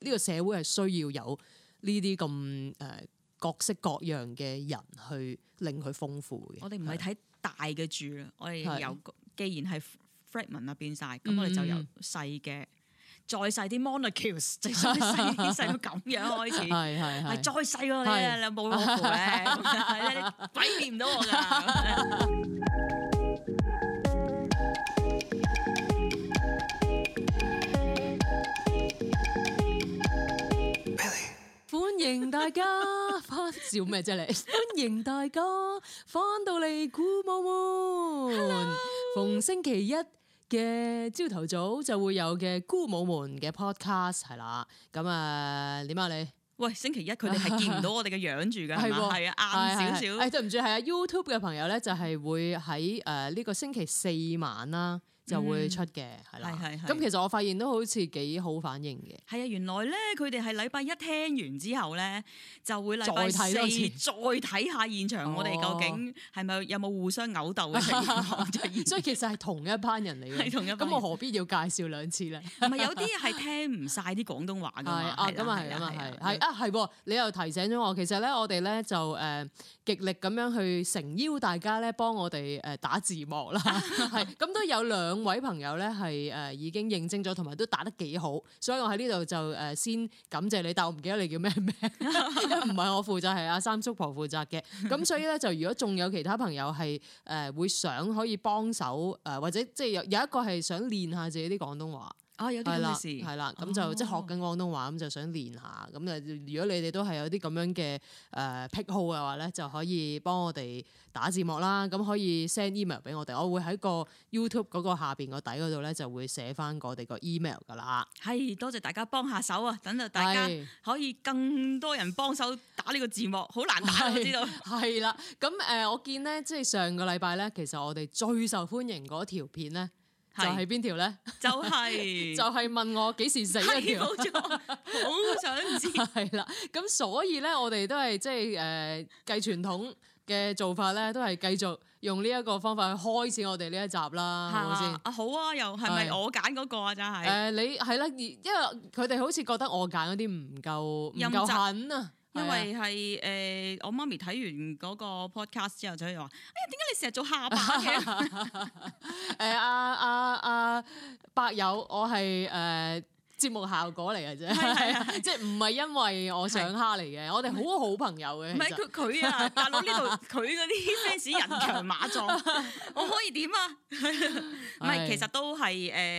呢個社會係需要有呢啲咁，誒各式各樣嘅人去令佢豐富嘅。我哋唔係睇大嘅住，我哋由既然係 fragment 啊變晒，咁我哋就由細嘅再細啲 monocules， 再細細到咁樣開始。係係係，再細是我你你冇功夫你鬼變唔到我噶。歡迎大家，翻笑咩啫你？歡迎 大家翻到嚟姑母們。Hello! 逢星期一嘅朝頭早就會有嘅姑母們嘅 podcast 係啦。咁啊，點、呃、啊你？喂，星期一佢哋係見唔到我哋嘅樣住噶係嘛？係啊，晏少少。係對唔住，係啊。YouTube 嘅朋友咧就係會喺誒呢個星期四晚啦。就會出嘅，係啦。咁其實我發現都好似幾好反應嘅。係啊，原來咧佢哋係禮拜一聽完之後咧，就會禮拜四再睇下現場，我哋究竟係咪有冇互相毆鬥嘅情況？所以其實係同一班人嚟嘅。同一班。咁我何必要介紹兩次咧？唔係有啲係聽唔晒啲廣東話㗎嘛。咁啊係，咁啊係，啊係噃。你又提醒咗我，其實咧我哋咧就誒極力咁樣去誠邀大家咧幫我哋誒打字幕啦。係咁都有兩位朋友咧係誒已經認證咗，同埋都打得幾好，所以我喺呢度就誒先感謝你。但我唔記得你叫咩名，唔係我負責，係阿三叔婆負責嘅。咁 所以咧，就如果仲有其他朋友係誒會想可以幫手，誒或者即係有有一個係想練下自己啲廣東話。啊有啲事了，係啦，咁就即係學緊廣東話，咁、哦、就想練下。咁啊，如果你哋都係有啲咁樣嘅誒癖好嘅話咧，就可以幫我哋打字幕啦。咁可以 send email 俾我哋，我會喺個 YouTube 嗰個下邊個底嗰度咧，就會寫翻我哋個 email 噶啦。係，多謝大家幫下手啊！等到大家可以更多人幫手打呢個字幕，好是難打啊，是知道。係啦，咁誒、呃，我見咧，即係上個禮拜咧，其實我哋最受歡迎嗰條片咧。是就係邊條咧？就係、是、 就係問我幾時死一條？冇錯，好 想知係啦。咁所以咧，我哋都係即係誒，繼、呃、傳統嘅做法咧，都係繼續用呢一個方法去開始我哋呢一集啦。係咪先？啊好啊吧，又係咪我揀嗰、嗰個啊？真係誒，你係啦，因為佢哋好似覺得我揀嗰啲唔夠唔夠狠啊。因為係誒是、啊呃，我媽咪睇完嗰個 podcast 之後，就又話，哎呀，點解你成日做下巴嘅？誒、 呃，阿阿阿伯友，我係誒。呃節目效果嚟嘅啫，係啊，即係唔係因為我想蝦你嘅，我哋好好朋友嘅。唔係佢佢啊，大佬呢度佢嗰啲 fans 人強馬壯，我可以點啊？唔係，其實都係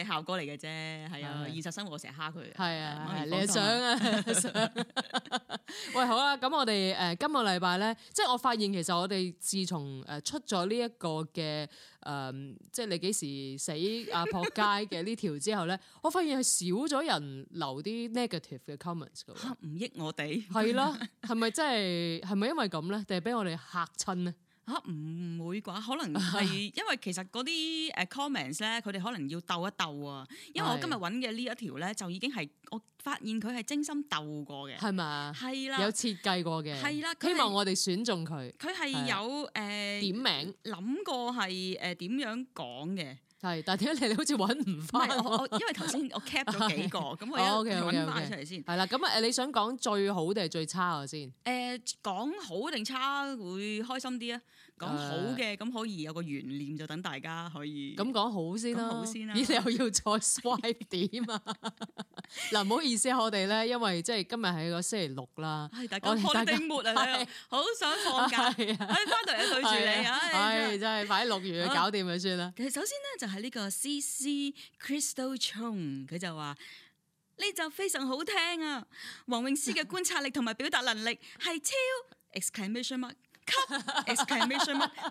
誒效果嚟嘅啫，係啊，現實生活成日蝦佢，係啊，你想啊喂，好啊，咁我哋誒今個禮拜咧，即係我發現，其實我哋自從誒出咗呢一個嘅。誒，um, 即係你幾時死阿婆街嘅呢條之後咧， 我發現係少咗人留啲 negative 嘅 comments 嘅喎，唔益我哋，係 啦，係咪真係，係咪因為咁咧，定係俾我哋嚇親咧？吓，唔、啊、會啩？可能係因為其實嗰啲誒 comments 咧，佢哋可能要鬥一鬥啊。因為我今日揾嘅呢一條咧，就已經係我發現佢係精心鬥過嘅，係咪吧？係啦，有設計過嘅，係啦，希望我哋選中佢。佢係有誒啦、呃、點名諗過係誒點樣講嘅。係，但係點解你哋好似揾唔翻？唔係我，我因為頭先我 cap 咗幾個，咁 我一揾埋、 哦 okay, okay, okay. 出嚟先。係啦，咁啊誒，你想講最好定係最差啊先？誒、呃，講好定差會開心啲啊！講好嘅咁可以有個懸念，就等大家可以咁講好先啦。咦？你又要再衰點啊？嗱，唔好意思，我哋咧，因為即係今日係個星期六啦。係、哎、大家開定沒啊！哎、你好想放假，哎，返到嚟對住你，哎，真係快啲落去搞掂佢算啦。其實首先咧就係、是、呢個 CC Crystal Chong 佢就話呢就非常好聽啊！黃詠詩嘅觀察力同埋表達能力係超 exclamation mark。 .強，Cut, ment,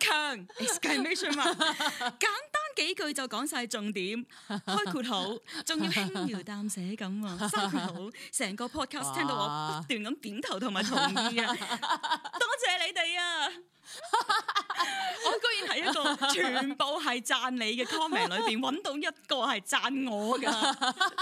簡單幾句就講晒重點，概括好，仲要輕描淡寫咁啊，收得好，成個 podcast 聽到我不斷咁點頭同埋同意啊， 多謝你哋啊！ 我居然喺一個全部係讚你嘅 comment 裏邊揾到一個係讚我噶，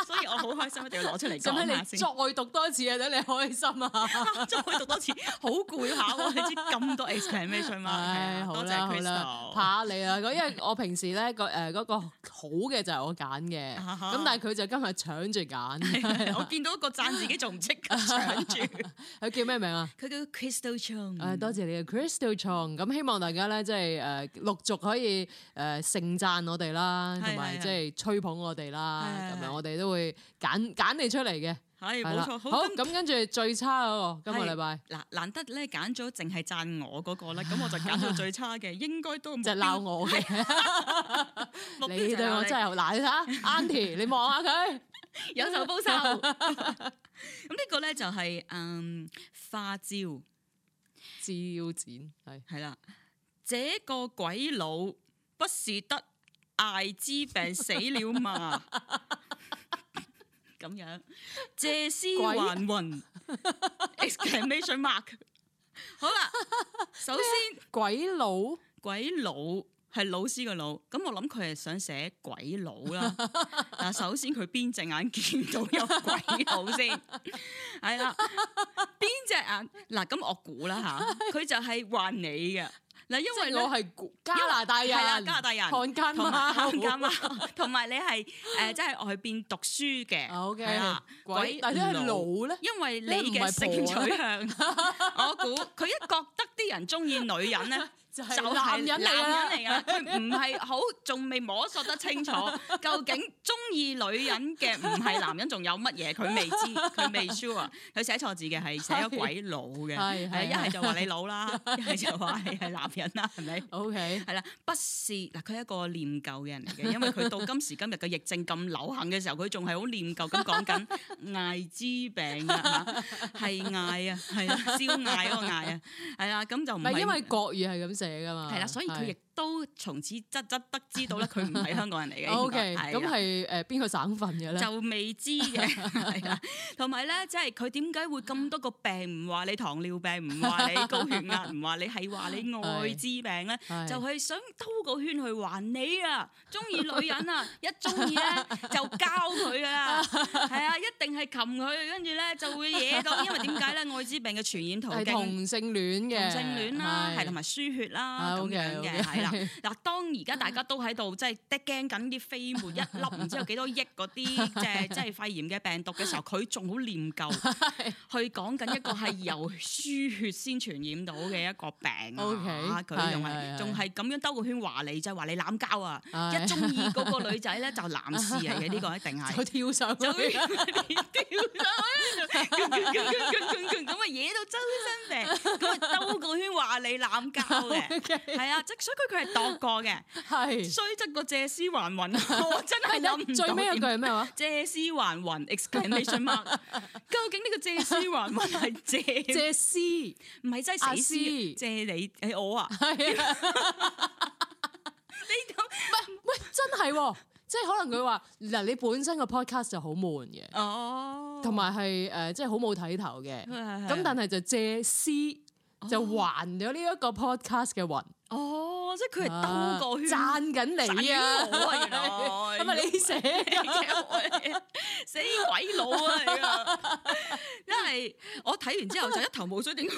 所以我好開心，一定要攞出嚟。使你再讀多次啊，等你開心啊！ 再讀多次，好攰下，你知咁多 explanation 嘛？係啊唉，好啦對好啦，怕你啦，因為我平時咧個誒個好嘅就係我揀嘅，咁 但係佢就今日搶住揀。我見到一個讚自己仲唔識嘅搶住，佢 叫咩名啊？佢叫 Crystal Chong、um。誒，多謝你啊 Crystal Chong、um.。咁希望大家咧，即係誒陸續可以誒盛讚我哋啦，同埋即係吹捧我哋啦，咁樣我哋都會揀揀你出嚟嘅。係冇錯，好咁跟住最差嗰個今個禮拜嗱難得咧揀咗淨係讚我嗰個咧，咁我就揀到最差嘅，應該都唔就鬧我嘅。你對我真係好難睇，Annie 你望下佢有仇報仇。咁呢個咧就係嗯花椒。照剪，係係啦，這個鬼佬不是得艾滋病死了嘛？咁樣借屍還魂。Exclamation mark！好啦，首先鬼佬，鬼佬。係老師嘅腦，咁我諗佢係想寫鬼佬啦。嗱，首先佢邊隻眼見到有鬼佬先？係啦，邊隻眼？嗱，咁我估啦吓，佢就係話你嘅，嗱，因為我係加拿大人，加拿大人漢奸嘛，漢奸嘛，同埋你係誒，即係外邊讀書嘅，好嘅，鬼佬咧，因為你嘅性取向，我估佢一覺得啲人中意女人咧。就係男人嚟㗎！佢唔係好，仲未摸索得清楚，究竟中意女人嘅唔係男人，仲有乜嘢？佢未知，佢未 sure。佢寫錯字嘅係寫咗鬼佬嘅，一係 就話你老啦，一係 就話你係男人啦，係咪？OK，係啦，不是嗱，佢係一個念舊嘅人嚟嘅，因為佢到今時今日嘅疫症咁流行嘅時候，佢仲係好念舊咁講緊艾滋病嘅嚇，係艾啊，係啊，燒艾嗰個艾啊，係、嗯、啦，咁就唔係因為國語係咁寫。係啦，所以佢亦。都從此則則得知道咧，佢唔係香港人嚟嘅。OK，咁係誒邊個省份嘅咧？就未知嘅係啦。同埋咧，即係佢點解會咁多個病？唔話你糖尿病，唔話你高血壓，唔話你係話你愛滋病咧？就係想兜個圈去還你啊！中意女人啊，一中意咧就交佢啊，係啊，一定係擒佢，跟住咧就會惹到。因為點解咧？愛滋病嘅傳染途徑同性戀嘅同性戀啦，係同埋輸血啦咁樣嘅係啦。嗱，當而家大家都喺度即係啲驚緊啲飛沫一粒，唔知有幾多億嗰啲即係即係肺炎嘅病毒嘅時候，佢仲好念舊，去講緊一個係由輸血先傳染到嘅一個病啊！佢仲係仲係咁樣兜個圈話你，就係話你濫交啊！一中意嗰個女仔咧就男士嚟嘅，呢個一定係佢跳上就跳上，咁啊惹到周身病，咁啊兜個圈話你濫交嘅，係啊，即係所以佢佢。係度過嘅，係雖則個借屍還魂，我真係諗唔到。最尾一句係咩話？借屍還魂，exclamation mark！究竟呢個借屍還魂係借借屍，唔係真係死屍？借你？借我啊？你咁喂？真係，即係可能佢話嗱，你本身個 podcast 就好悶嘅，哦，同埋係誒，即係好冇睇頭嘅。咁但係就借屍就還咗呢一個 podcast 嘅魂。哦，即係佢係兜個圈，讚緊、啊、你啊！咁 啊，原來你寫死鬼佬啊！因為我睇完之後 就一頭霧水，點解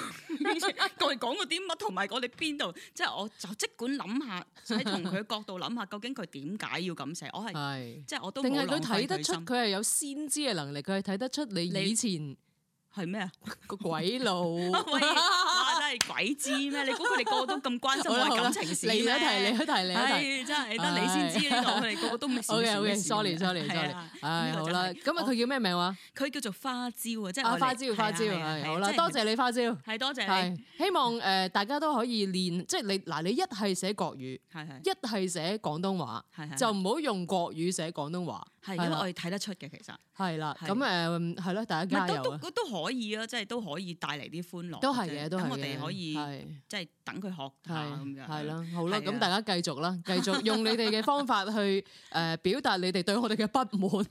講講嗰啲乜，同埋我哋邊度？即係我就即管諗下，喺同佢角度諗下，究竟佢點解要咁寫？我係即係我都定係佢睇得出，佢係有先知嘅能力，佢係睇得出你以前係咩啊？個鬼佬。鬼知咩？你估佢哋個個都咁關心我感情事，你嚟你題，你一題，嚟一題，真係得你先知呢個。我哋個個都唔少嘅 sorry，sorry，sorry。係好啦，咁啊，佢叫咩名話？佢叫做花蕉啊，即係花蕉，花蕉。係好啦，多謝你花蕉。係多謝你。希望誒大家都可以練，即係你嗱，你一係寫國語，一係寫廣東話，就唔好用國語寫廣東話，係因為我哋睇得出嘅其實係啦。咁誒係咯，大家加油。都都可以啊，即係都可以帶嚟啲歡樂。都係嘅，都係。咁可以，即係等佢學下咁嘅。係啦，好啦，咁大家繼續啦，的繼續用你哋嘅方法去誒表達你哋對我哋嘅不滿。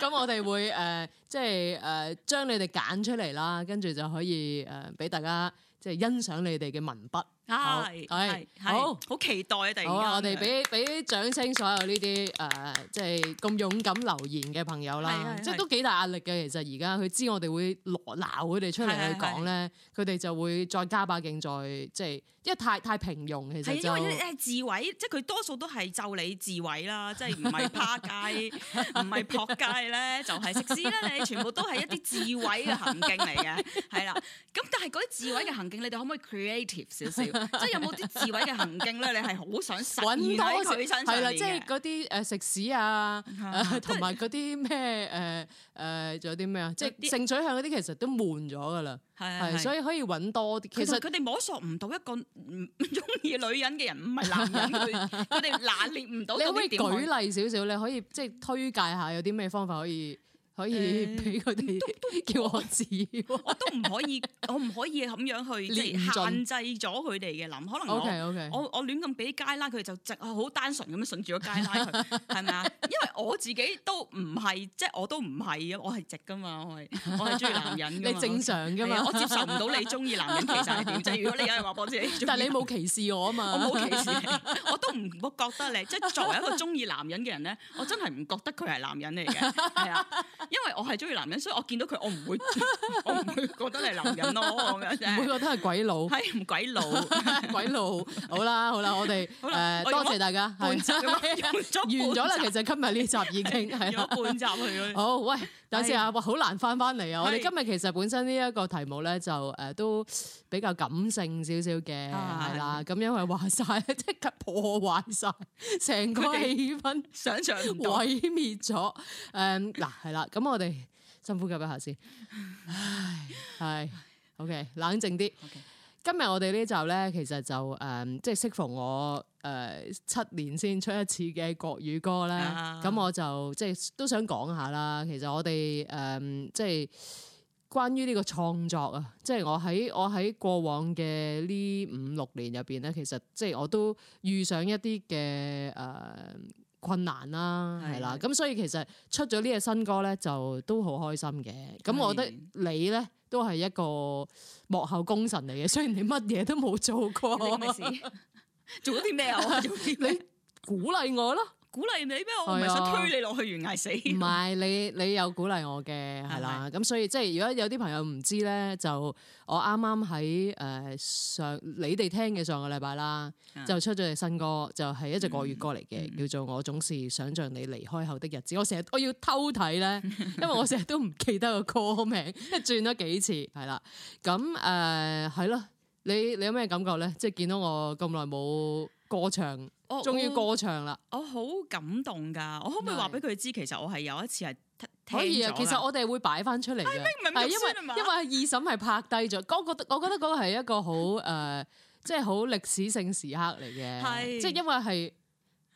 咁 我哋會誒、呃，即係誒、呃、將你哋揀出嚟啦，跟住就可以誒俾、呃、大家即係欣賞你哋嘅文筆。係，係，好，好期待啊！突然間，好，我哋俾俾掌聲，所有呢啲誒，即係咁勇敢留言嘅朋友啦，即係都幾大壓力嘅。其實而家佢知我哋會鬧佢哋出嚟去講咧，佢哋就會再加把勁，再即係，因為太太平庸其實。係因為智慧，即係佢多數都係就你智慧啦，即係唔係趴街，唔係撲街咧，就係食屎啦！你全部都係一啲智慧嘅行徑嚟嘅，係啦。咁但係嗰啲智慧嘅行徑，你哋可唔可以 creative 少少？即係有冇啲自毀嘅行徑咧？你係好想揾多佢身嘅，係啦，即係嗰啲誒食屎啊，同埋嗰啲咩誒誒，仲有啲咩啊？即係性取向嗰啲其實都悶咗噶啦，係，所以可以揾多啲。其實佢哋摸索唔到一個唔中意女人嘅人，唔係男人，佢哋拿捏唔到。你可唔可以舉例少少，你可以即係推介下有啲咩方法可以？可以俾佢哋都都叫我知，我都唔可以，我唔可以咁樣去限制咗佢哋嘅諗。可能我我我亂咁俾街啦，佢哋就直好單純咁樣順住個街拉佢，係咪啊？因為我自己都唔係，即係我都唔係啊，我係直噶嘛，我係我係中意男人。你正常㗎嘛？我接受唔到你中意男人，其實係點啫？如果你有人話我知，但係你冇歧視我啊嘛，我冇歧視你，我都唔會覺得你即係作為一個中意男人嘅人咧，我真係唔覺得佢係男人嚟嘅，係啊。因為我係中意男人，所以我見到佢我唔會， 我唔會覺得係男人咯，唔會覺得係鬼佬，係唔鬼佬，鬼佬。好啦，好啦，我哋誒多謝大家，半集，用咗半集，完咗啦，其實今日呢集已經係 半集嚟嘅 好，喂。等先啊，哇，好難翻翻嚟啊！是我哋今日其實本身呢一個題目咧，就誒、呃、都比較感性少少嘅，係、啊、啦。咁因為話晒，即刻破壞晒成個氣氛，想毀滅，想象毀滅咗。誒，嗱，係啦。咁我哋深呼吸一下先。唉，係 ，OK，冷靜啲。Okay. 今日我哋呢集咧，其實就誒、呃，即係適逢我。誒、呃、七年先出一次嘅國語歌咧，咁、uh huh. 我就即係都想講下啦。其實我哋誒、呃、即係關於呢個創作啊，即係我喺我喺過往嘅呢五六年入邊咧，其實即係我都遇上一啲嘅誒困難啦，係、uh huh. 啦。咁所以其實出咗呢隻新歌咧，就都好開心嘅。咁、uh huh. 我覺得你咧都係一個幕後功臣嚟嘅，雖然你乜嘢都冇做過。 做咗啲咩啊？我做 你鼓勵我咯，鼓勵你咩？我唔係想推你落去懸崖、哎、呦死。唔係，你你有鼓勵我嘅，係啦。咁嗎所以即係，如果有啲朋友唔知咧，就我啱啱喺誒上你哋聽嘅上個禮拜啦，就出咗隻新歌，就係、是、一隻國語歌嚟嘅，嗯、叫做《我總是想像你離開後的日子》。嗯嗯、我成日我要偷睇咧，因為我成日都唔記得個歌名，即轉咗幾次，係啦。咁、嗯、誒、係、嗯、咯。嗯嗯嗯你你有咩感覺咧？即係見到我咁耐冇歌唱，哦、終於歌唱啦！我好感動噶，我可唔可以話俾佢知？其實我係有一次係聽咗。可以啊，其實我哋會擺翻出嚟。係、哎、因為因為二嬸係拍低咗，我覺得我覺得嗰個係一個好誒，即係好歷史性時刻嚟嘅。係是即係因為係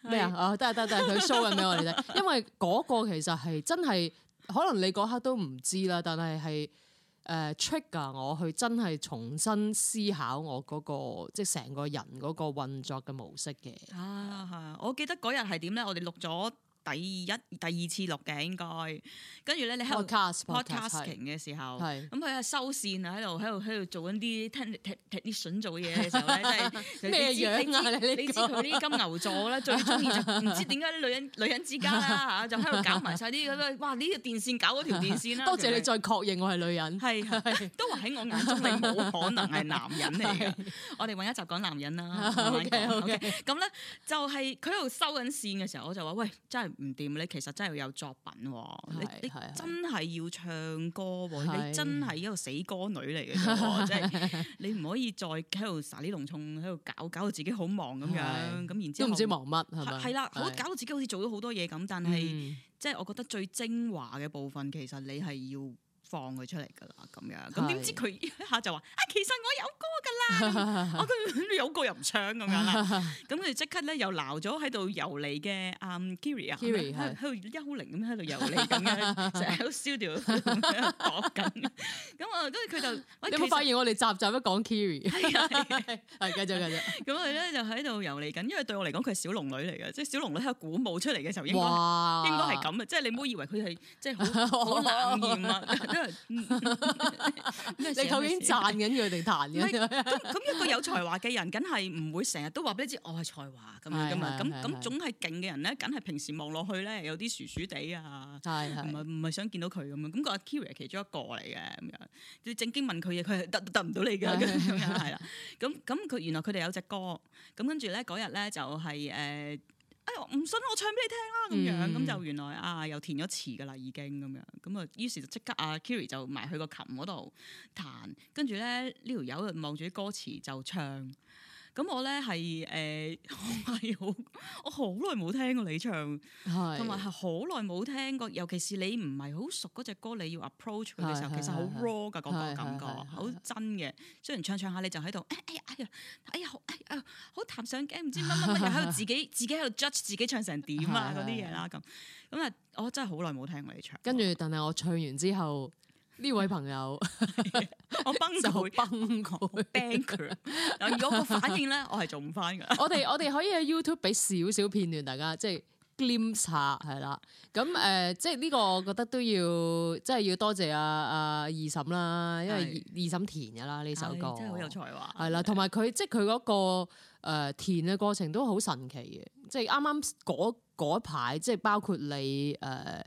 咩啊？哦，得得得，佢 show 緊俾我哋睇。因為嗰個其實係真係可能你嗰刻都唔知啦，但係係。誒 trigger 我去真係重新思考我嗰、嗰個即係成個人嗰個運作嘅模式嘅。啊係，我記得嗰日係點咧？我哋錄咗。第一第二次錄嘅應該，跟住咧你喺度 podcast 嘅時候，咁佢喺收線啊，喺度喺度喺度做緊啲踢踢踢啲筍做嘢嘅時候咧，真係咩樣啊？你知佢啲金牛座咧最中意就唔知點解啲女人女人之間啦嚇，就喺度搞埋晒啲咁啊！哇！呢個電線搞嗰條電線啦。多謝你再確認我係女人。係都話喺我眼中你冇可能係男人嚟嘅。我哋揾一集講男人啦。OK OK。咁咧就係佢喺度收緊線嘅時候，我就話喂，真係。唔掂，你其實真係有作品喎是，你你真係要唱歌喎，是你真係一個死歌女嚟嘅喎，即係 你唔可以再喺度撒啲農蟲，喺度搞搞到自己好忙咁樣，咁然之後都唔知忙乜係咪？係啦，我搞到自己好似做咗好多嘢咁，但係即係我覺得最精華嘅部分，其實你係要。放佢出嚟噶啦，咁樣，咁點知佢一下就話啊，是的 其實我有歌噶啦，我咁、 啊、有歌又唔唱咁樣，咁佢 即刻咧又鬧咗喺度遊離嘅啊 Kiri 啊，Kiri 喺度幽靈咁喺度遊離咁樣，成日喺度 studio 度講緊，咁 啊，跟住佢就你有冇發現我哋集集都講 Kiri？係，係，係，係，繼續，繼續。咁佢咧就喺度遊離緊，因為對我嚟講佢係小龍女嚟嘅，即係小龍女喺度古墓出嚟嘅時候應該，哇應該應該係咁嘅，即係你唔好以為佢係即係好冷艷啊。 你究竟讚緊佢定彈嘅？咁咁一個有才華嘅人，梗係唔會成日都話俾你知我係才華嘅嘛？咁咁總係勁嘅人咧，梗係平時望落去咧有啲薯薯地啊，唔係唔係想見到佢咁樣。咁的個阿 Kiri 其中一個嚟嘅，你正經問佢嘢，佢答得唔到你嘅咁樣係啦。咁咁佢原來佢哋有隻歌，咁跟住咧嗰日咧就係、是、誒。呃唔信我唱俾你聽啦，咁樣咁、嗯、就原來啊又填咗詞噶啦，已經咁樣咁啊，於是就即刻啊 Kiri 就埋去琴、個琴嗰度彈，跟住咧呢條友就望住啲歌詞就唱。咁我咧係誒，係、欸、好，我好耐冇聽過你唱，同埋係好耐冇聽過，尤其是你唔係好熟嗰隻歌，你要 approach 佢嘅時候，是的 其實好 raw 噶嗰、那個感覺，好真嘅。雖然唱著唱下你就喺度、哎，哎呀，哎呀，哎呀，好，哎呀，好談上鏡，唔知乜乜乜，又喺度自己 自己喺度 judge 自己唱成點啊嗰啲嘢啦咁。咁啊是的，我真係好耐冇聽過你唱。跟住，但係我唱完之後。呢位朋友， 我崩潰 就崩佢，崩佢。如果個反應咧，我係做唔翻噶。我哋我哋可以喺 YouTube 俾少少片段，大家即係 glimpse 下係啦。咁、就、誒、是呃，即係呢個我覺得都要，即係要多謝阿、啊、阿二嬸啦，因為二嬸填噶啦呢首歌，真係好有才華。係啦了，同埋佢即係佢嗰個、呃、填嘅過程都好神奇嘅，即係啱啱嗰排，即係包括你誒。呃呃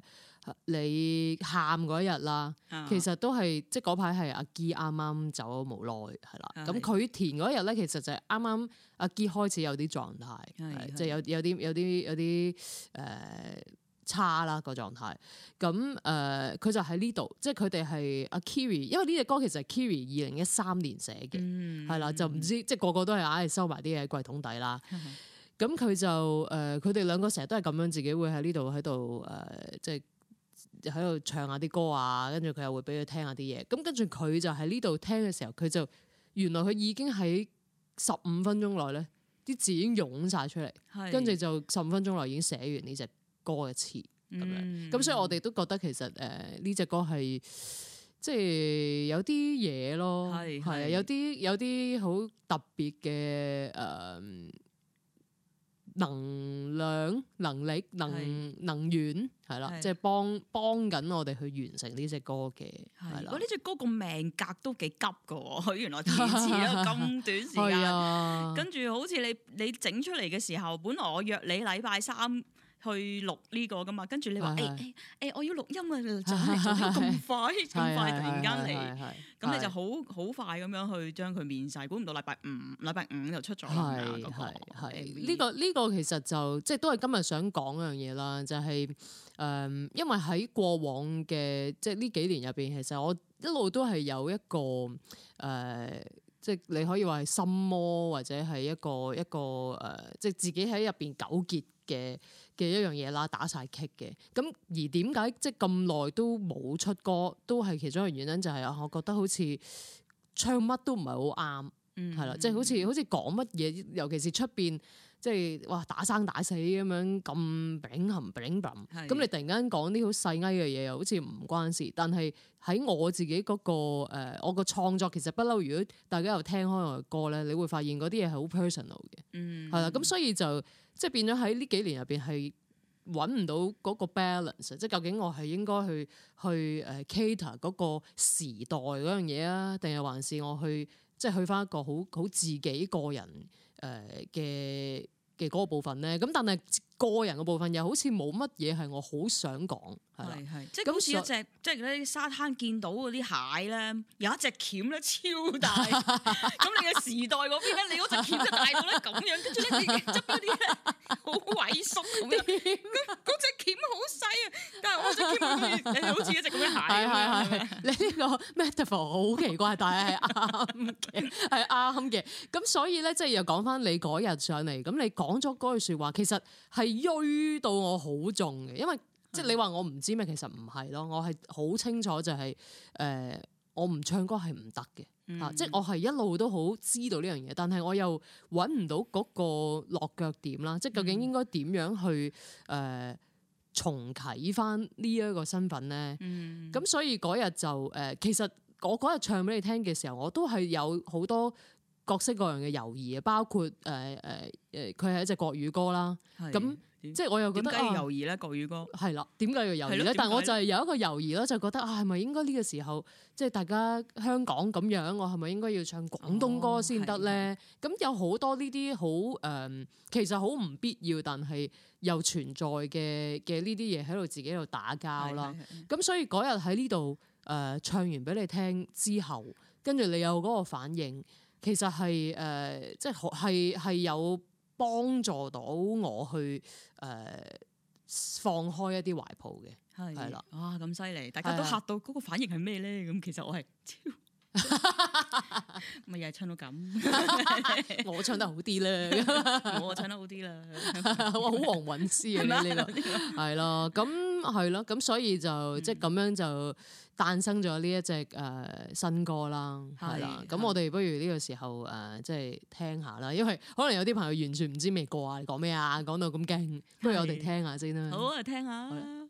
你喊嗰一日啦，哦、其實都係即嗰排係阿基啱啱走咗無耐係啦。咁佢的填嗰一日咧，其實就係啱啱阿基開始有啲狀態，即係的、就係、有有啲有啲有啲誒、呃、差啦、個狀態。咁誒佢就喺呢度，即係佢哋係阿 Kiri，因為呢隻歌其實係 Kiri 二零一三年寫嘅，係啦、嗯嗯，就唔知即個個都係硬係收埋啲嘢喺櫃桶底啦。咁佢就誒佢哋兩個成日都係咁樣，自己會喺呢度喺度誒即係。呃就喺度唱下啲歌啊，跟住佢又會俾佢聽下啲嘢，咁跟住佢就喺呢度聽嘅時候，佢就原來佢已經喺十五分鐘內咧，啲字已經湧晒出嚟，跟住是就十五分鐘內已經寫完呢隻歌嘅詞咁樣，咁所以我哋都覺得其實誒呢隻歌係即係有啲嘢咯，係係是有啲有啲好特別嘅誒。呃能量、能力、能是能源，係啦，即係幫幫緊我哋去完成呢隻歌嘅，係啦的。喂呢隻的歌個命格都幾急噶佢原來填詞咁短時間， 的跟住好似你你整出嚟嘅時候，本來我約你禮拜三。去錄呢個噶嘛？跟住你話誒誒我要錄音啊！早啲咁快咁快，突然間嚟咁，你就好好快咁樣去將佢面晒。估唔到禮拜五禮拜五，就出咗啦。係係呢個呢個其實就即係都係今日想講一樣嘢啦，就係誒，因為喺過往嘅即係呢幾年入邊，其實我一路都係有一個誒，即係你可以話係心魔，或者係一個一個誒，即係自己喺入邊糾結嘅。嘅一樣嘢啦，打曬劇嘅。咁而點解即係咁耐都冇出歌，都係其中一個原因，就係，就係我覺得好似唱乜都唔係好啱，係啦、嗯嗯，即係好似好似講乜嘢，尤其是出邊即係哇打生打死咁樣咁冰冷冰冷，咁的你突然間講啲好細埃嘅嘢，又好似唔關事。但係喺我自己嗰、嗰個、呃、我個創作其實不嬲。如果大家又聽開我嘅歌咧，你會發現嗰啲嘢係好 personal 嘅，係啦、嗯，咁所以就。即係變咗喺呢幾年入邊係揾唔到嗰個 balance，即係究竟我係應該去去誒 cater 嗰個時代嗰樣嘢啊，定係還是我去即係去返一個好好自己個人誒嘅嘅嗰個部分咧？咁但係。個人嘅部分又好似冇乜嘢係我好想講，係啦，即係好似一隻，即係喺沙灘見到嗰啲蟹咧，有一隻鉗咧超大，咁你嘅時代嗰邊咧，你嗰隻鉗大到咧咁樣，跟住咧啲側邊啲咧好鬼鬆，嗰隻鉗嗰隻鉗好細啊，但係我隻鉗好似好似一隻咁樣蟹啊，係係，你呢個 metaphor 好奇怪，但係係啱嘅，係，咁所以咧即係又講返你嗰日上嚟，咁你講咗嗰句説話，其實係。淤到我好重嘅，因為即係你話我唔知咩，其實唔係咯，我係好清楚就係、是、誒、呃，我唔唱歌係唔得嘅吓，即係我係一路都好知道呢樣嘢，但係我又搵唔到嗰個落腳點啦，即係究竟應該點樣去誒、呃、重啟翻呢一個身份咧？咁、嗯、所以嗰日就誒、呃，其實我嗰日唱俾你聽嘅時候，我都係有好多。各式各樣嘅猶豫，啊，包括誒誒誒，佢、呃、係、呃、一隻國語歌啦。咁即係我又覺得點解要猶豫咧？國語歌係啦，點解要猶豫咧？但係我就係有一個猶豫，啦，就覺得啊，係、呃、咪應該呢個時候即係、就是、大家香港咁樣，我係咪應該要唱廣東歌先得咧？咁、哦、有好多呢啲好誒，其實好唔必要，但係又存在嘅嘅呢啲嘢喺度自己喺度打交啦。咁所以嗰日喺呢度誒唱完俾你聽之後，跟住你有嗰個反應。其實係誒，即係係係有幫助到我去誒放開一啲懷抱嘅，係啦，哇咁犀利！大家都嚇到，嗰個反應係咩咧？咁其實我係，咪又係唱到咁，我唱得好啲啦，我唱得好啲啦，哇！好黃韻詩啊呢個，係咯咁。係咯，咁所以就即係咁樣就誕生咗呢一隻誒新歌啦，係啦是。咁我哋不如呢個時候誒，即、就、係、是、聽下啦，因為可能有啲朋友完全唔知未過啊，你講咩啊，講到咁驚，不如我哋聽下先啦。是好啊，聽下。了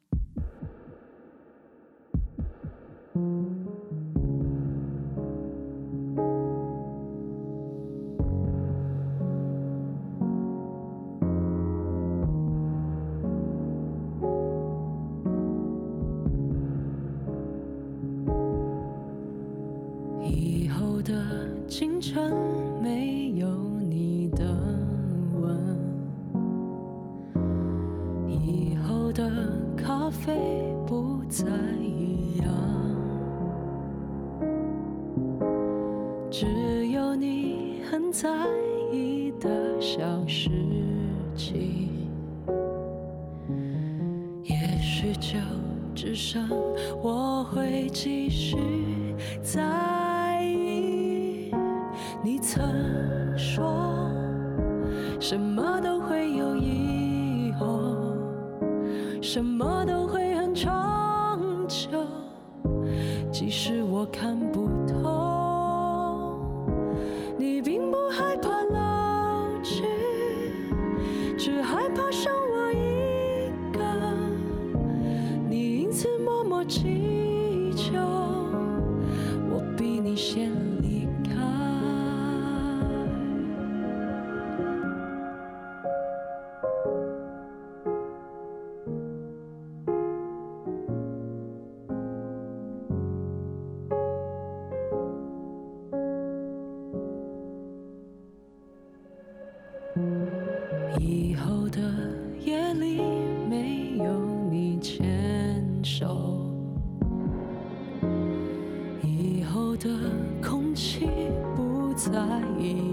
在意。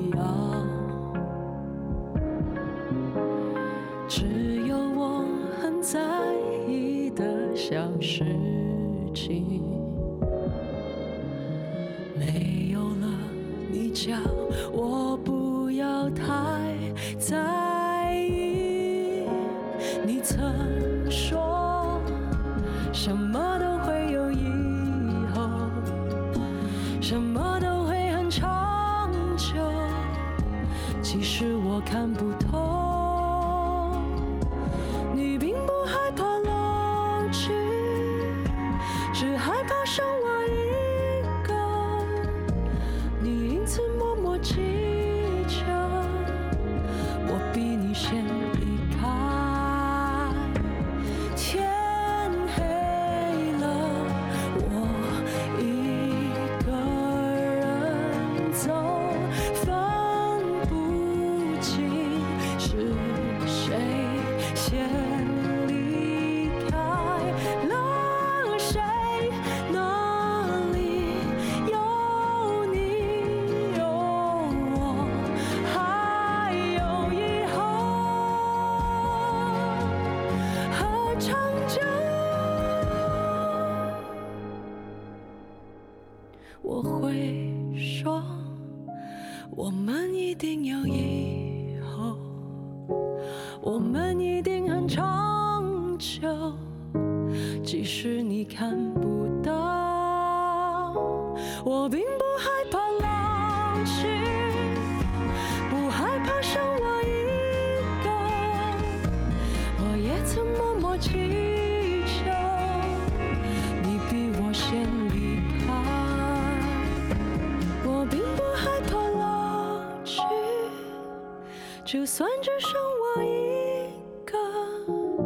就算只剩我一個，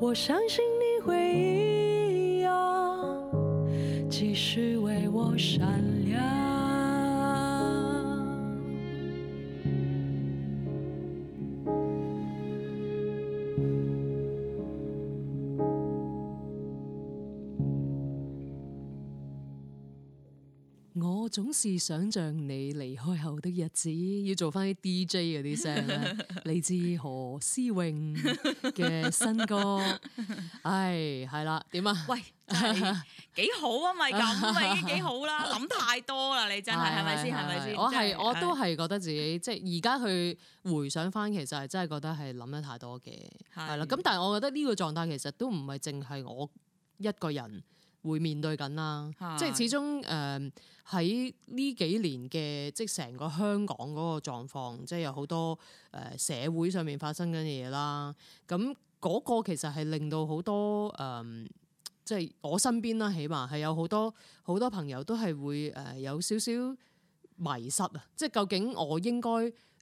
我相信你會。是想像你離開後的日子，要做翻啲 DJ 嗰啲聲嚟自何韻詩嘅新歌。唉，係啦，點啊？喂，係、就、幾、是、好啊？咪咁咪已經幾好啦，啊，諗太多啦，你真係係咪先？係咪先？我係是我都係覺得自己即係而家去回想翻，是其實係真係覺得係諗得太多嘅。係啦，咁但係我覺得呢個狀態其實都唔係淨係我一個人。會面對緊啦，即係始終誒喺呢幾年嘅，即係成個香港嗰個狀況，即係有好多誒、呃、社會上面發生緊嘅嘢啦。咁嗰個其實係令到好多誒、呃，即係我身邊啦，起碼係有好多好多朋友都係會誒、呃、有少少迷失啊！即係究竟我應該？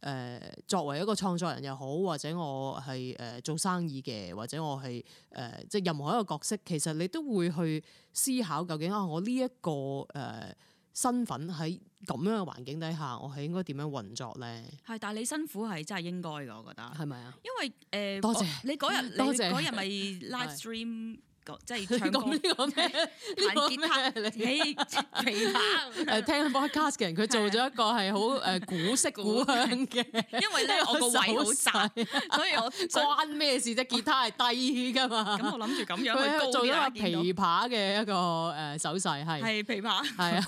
誒作為一個創作人又好，或者我係誒做生意嘅，或者我係誒、呃、即係任何一個角色，其實你都會去思考究竟啊，我呢、這、一個誒、呃、身份喺咁樣嘅環境底下，我係應該點樣運作咧？係，但係你辛苦係真係應該嘅，我覺得係咪啊？是是因為誒，呃、多謝你嗰日，你嗰日咪 live stream。即係唱呢個咩？彈吉他，誒，琵琶。誒，聽 podcast 嘅人，佢做咗一個係好誒古色古香嘅。因為咧我個位好細，所以我關咩事啫？吉他係低噶嘛。咁我諗住咁樣佢係做一個琵琶嘅一個誒手勢，係係琵琶，係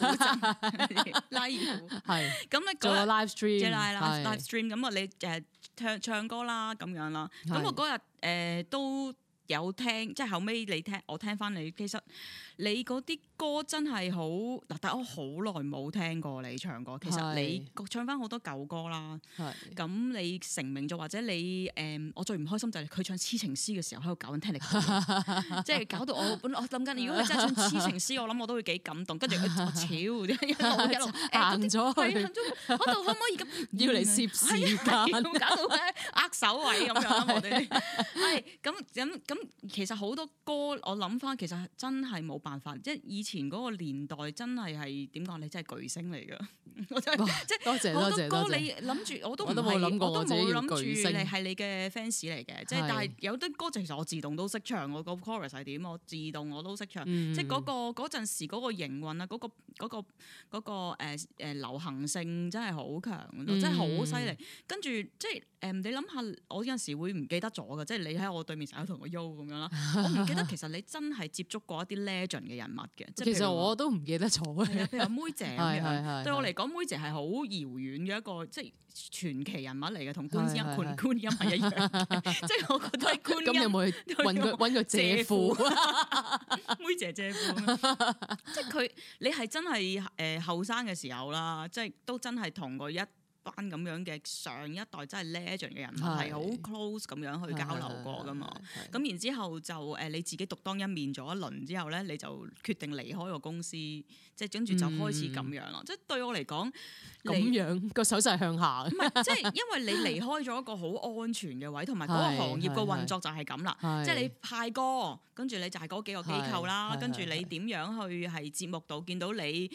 古拉二胡。係咁，你嗰日做個 live stream，做 live stream 咁啊，你誒唱唱歌啦，咁樣啦。咁我嗰日誒都。有聽，即係後尾你聽，我聽翻你，其實。你嗰啲歌真係好嗱，但我好耐冇聽過你唱歌。其實你唱翻好多舊歌啦。咁的你成名咗，或者你誒、嗯，我最唔開心就係佢唱《痴情詩》嘅時候喺度搞緊聽力，即係 搞到我本我諗緊，如果佢真係唱《痴情詩》，我諗我都會幾感動。跟住佢一路，撐爛咗，我度 可唔可以咁、 哎？要嚟攝魚搞到握手位咁 樣。係咁咁咁， 其實好多歌我諗翻，其實真係冇即係以前嗰個年代真係係點講？你真係巨星嚟㗎，即係多謝多謝多謝。歌，歌謝你諗住我都冇諗過我自己巨星嚟，係你嘅 fans 嚟嘅。即係是但係有啲歌其實我自動都識唱，我個 chorus 係點，我自動我都識唱。嗯、即係、那、嗰個嗰陣時嗰個營運啊，嗰、那個嗰、那個、那個誒誒、那個呃、流行性真係好強，真係好犀利。跟住即係。嗯誒，你諗下，我有時會唔記得咗嘅，即係你喺我對面成日同我喐咁樣啦。我唔記得其實你真係接觸過一啲 legend 嘅人物嘅，即係其實我都唔記得咗嘅。阿妹姐，對我嚟講，妹姐係好遙遠嘅一個即係傳奇人物嚟嘅，同觀音觀觀音係一樣嘅。即係我覺得觀音。咁你有冇去揾佢姐夫？妹姐姐夫，即係佢，你係真係誒後生嘅時候啦，即係都真係同個一。班咁樣嘅上一代真係 legend 嘅人係好 close 咁樣去交流過噶嘛，咁然之後，後就誒你自己獨當一面咗一輪之後咧，你就決定離開個公司。即係跟住就開始咁樣咯，即係對我嚟講，你咁樣個手勢向下。唔係，即係因為你離開咗一個好安全嘅位，同埋嗰個行業個運作就係咁啦。即係你派歌，跟住你就係嗰幾個機構啦，跟住你點樣去係節目度見到你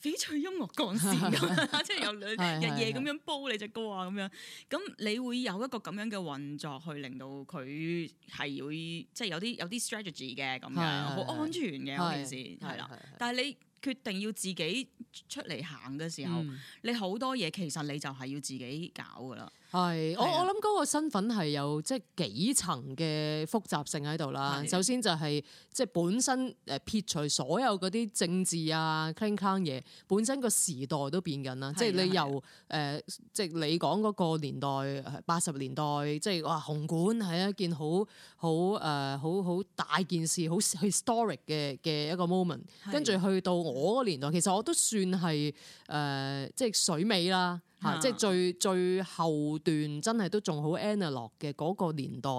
翡翠音樂講事咁，即係由你日夜咁樣煲你隻歌啊咁樣。咁你會有一個咁樣嘅運作，去令到佢係會即係有啲有啲 strategy 嘅咁樣，好安全嘅嗰件事係啦。但係你，決定要自己出嚟行嘅時候，嗯、你好多嘢其實你就係要自己搞㗎喇。係，我我諗嗰個身份係有即係幾層嘅複雜性喺度啦。是的 首先就係、是、即係本身誒撇除所有嗰啲政治啊、clinical 嘢的，本身個時代都變緊啦。即係你由誒即係你講嗰個年代，八十年代，即係哇紅館係一件好好誒好好大件事，好 historic 嘅嘅一個 moment。跟住去到我個年代，其實我都算係誒、呃、即係水尾啦。即係最最後段，真係都仲好 analogue 嘅嗰、那個年代。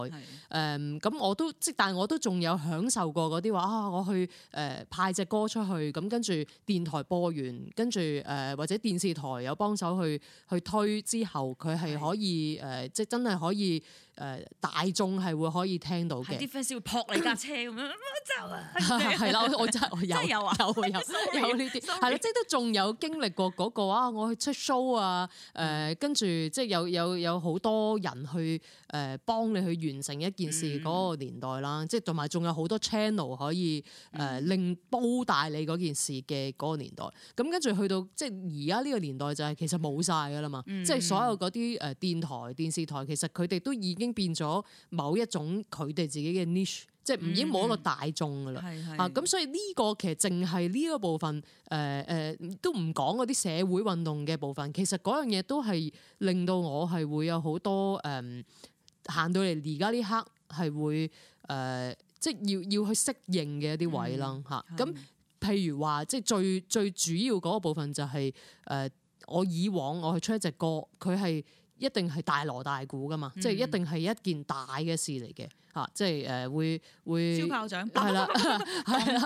誒咁我都即係，但係我都仲有享受過嗰啲話啊！我去誒、呃、派隻歌出去，咁跟住電台播完，跟住誒、呃、或者電視台有幫手去去推，之後佢係可以誒，即係真係可以。是的 呃誒大眾係會可以聽到嘅，啲 fans 會撲你架車咁樣，走 啊！係啦，我真係有，有 Sorry 有，有呢啲，係啦，即係都仲有經歷過嗰、嗰個啊，我去出 show 啊，誒、嗯，跟住、呃、即係有有有好多人去誒、呃、幫你去完成一件事嗰個年代啦，即係同埋仲有好多 channel 可以誒令煲大你嗰件事嘅嗰個年代，咁跟住去到即係而家呢個年代就係、嗯嗯、其實冇晒噶啦嘛，即係所有嗰啲誒電台電視台其實佢哋都已經。已經變咗某一種佢哋自己嘅 niche，、嗯、即係唔已經冇一個大眾噶啦。係係是是 啊，咁所以呢、這個其實淨係呢個部分誒誒、呃呃，都唔講嗰啲社會運動嘅部分。其實嗰樣嘢都係令到我係會有好多誒，行、呃、到嚟而家呢刻係會誒、呃，即係要要去適應嘅一啲位啦吓。咁譬如話，即係最最主要嗰個部分就係、是、誒、呃，我以往我去出一隻歌，佢係。一定係大鑼大鼓噶嘛，嗯、即係一定係一件大嘅事嚟嘅嚇，即係誒會會，係啦係啦，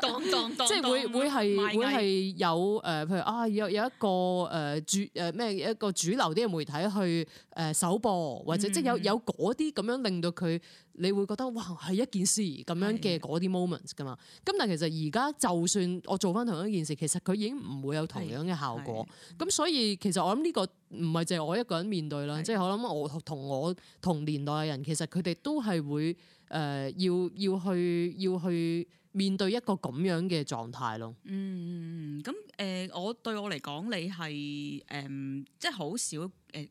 即係會、嗯、會係會係有誒、呃，譬如啊有有一個誒、呃、主誒咩、呃、一個主流啲嘅媒體去誒首、呃、播，或者、嗯、即係有有嗰啲咁樣令到佢。你會覺得哇係一件事咁樣嘅嗰啲 moments 噶嘛？咁但係其實而家就算我做翻同樣一件事，其實佢已經唔會有同樣嘅效果。咁所以其實我諗呢個唔係淨係我一個人面對啦。即係是的 我諗我同我同年代嘅人，其實佢哋都係會誒、呃、要要去要去面對一個咁樣嘅狀態咯。嗯，咁誒我對我嚟講，你係誒即係好少誒。呃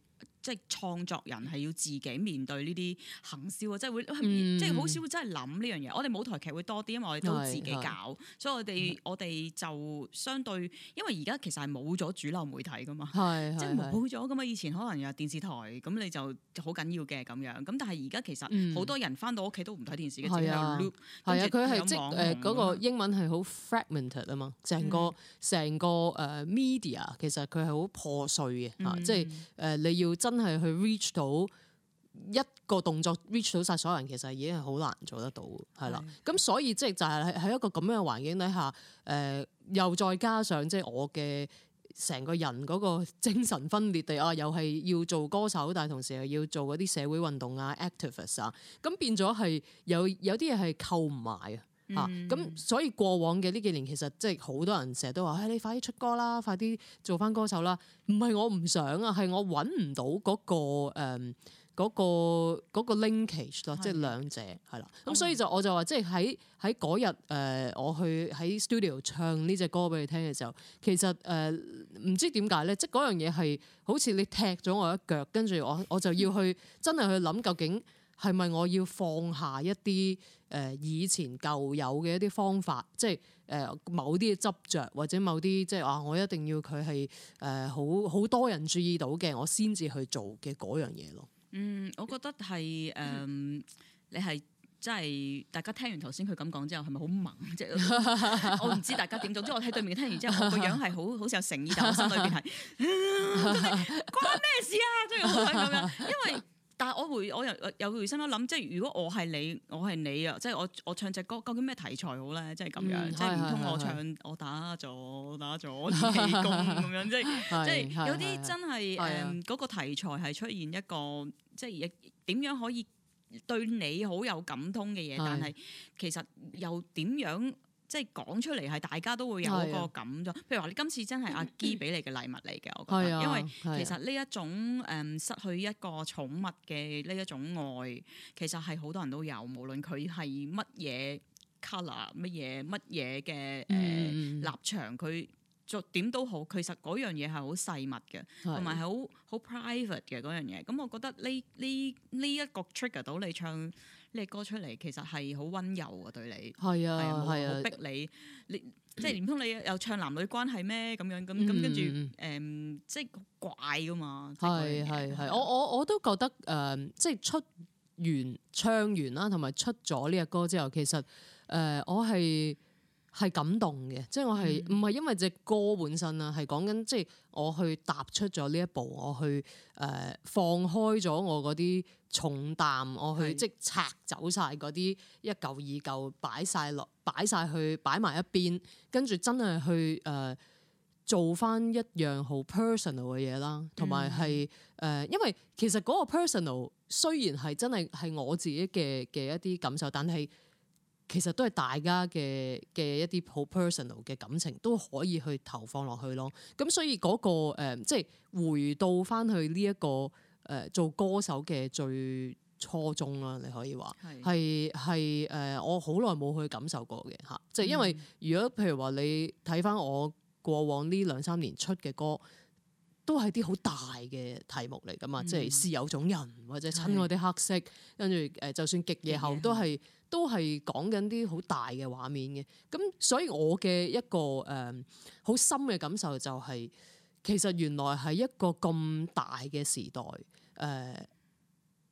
即係創作人係要自己面對呢啲行銷啊！即係會，即係好少會真係諗呢樣嘢。我哋舞台劇會多啲，因為我哋都自己搞，所以我哋我哋就相對，因為而家其實係冇咗主流媒體噶嘛，即係冇咗噶嘛，以前可能有電視台咁，你就好緊要嘅咁樣，咁但係而家其實好多人翻到屋企都唔睇電視嘅，淨係 loop。佢係即係誒嗰個英文係好 fragmented 啊嘛，成個成個誒 media 其實佢係好破碎嘅嚇，即係誒你要真。真係去 reach 到一個動作 reach 到晒所有人，其實已經係好難做得到，係啦。咁是的 所以即係就係喺一個咁樣嘅環境底下，誒、呃，又再加上即係我嘅成個人嗰個精神分裂地啊，又係要做歌手，但係同時又要做嗰啲社會運動啊，activist 啊，咁變咗係有有啲嘢係扣唔埋啊。嚇咁、嗯、所以過往嘅呢幾年其實即係好多人成日都話，唉、哎、你快啲出歌啦，快啲做返歌手啦。唔係我唔想啊，係我揾唔到嗰、那個誒嗰、嗯那個 linkage 咯，即、那、係、個那個就是、兩者係啦。咁所以就我就話即係喺喺嗰日誒，我去喺 studio 唱呢隻歌俾你聽嘅時候，其實誒唔、呃、知點解咧，即係嗰樣嘢係好似你踢咗我一腳，跟住我我就要去真係去諗究竟。係咪我要放下一啲誒、呃、以前舊有嘅一啲方法，即係誒、呃、某啲嘅執着，或者某啲即係話、啊、我一定要佢係誒好好多人注意到嘅，我先至去做嘅嗰樣嘢咯？嗯，我覺得係誒、呃，你係即係大家聽完頭先佢咁講之後，係咪好猛？即我唔知大家點做，即係我睇對面聽完之後，個樣係好好有誠意，但我心裏邊係關咩事啊？終於咁樣，因為。但係我回，我又有回心一諗，即係如果我係你，我係你啊！即係我我唱隻歌，究竟咩題材好咧？即係咁樣，嗯、即係唔通我唱、嗯、我打咗打咗自己工咁樣，即係即係有啲真係誒嗰個題材係出現一個即係點樣可以對你好有感通嘅嘢，但係其實又點樣？即係講出嚟係大家都會有個感咗，是的 譬如話你今次真係阿基俾你嘅禮物嚟嘅，我覺得，是的 因為其實呢一種誒是的、嗯、失去一個寵物嘅呢一種愛，其實係好多人都有，無論佢係乜嘢 color 乜嘢乜嘢嘅誒立場，佢做點都好，其實嗰樣嘢係好細密嘅，同埋係好好 private 嘅嗰樣嘢。咁、嗯、我覺得呢呢呢一個 trigger 到你唱。呢歌出嚟其實係好温柔啊，對你係啊，啊，冇逼你，你即係唔通你又唱男女關係咩咁樣，咁咁跟住誒，即係怪㗎嘛，係係係，我我我都覺得誒、呃，即係出完唱完啦，同埋出咗呢個歌之後，其實誒、呃、我係。係感動嘅，即係我係唔係因為隻歌本身啊？係講緊即係我去踏出咗呢一步，我去誒、呃、放開咗我嗰啲重擔，我去是即拆走晒嗰啲一舊二舊擺晒落，擺晒去擺埋一邊，跟住真係去誒、呃、做翻一樣好 personal 嘅嘢啦，同埋係誒，因為其實嗰個 personal 雖然係真係係我自己嘅嘅一啲感受，但係。其實都係大家嘅嘅一啲好 personal 嘅感情都可以去投放落去咯。咁所以嗰、那個、呃、即係回到翻去呢、這、一個誒、呃、做歌手嘅最初衷啦。你可以話係係誒，我好耐冇去感受過嘅嚇。即係、嗯、因為如果譬如話你睇翻我過往呢兩三年出嘅歌，都係啲好大嘅題目嚟㗎嘛。嗯、即係是有種人或者親愛的黑色，跟住誒，就算極夜後都係。后都係講緊啲好大嘅畫面嘅，咁所以我嘅一個誒好、呃、深嘅感受就係、是，其實原來係一個咁大嘅時代，誒、呃、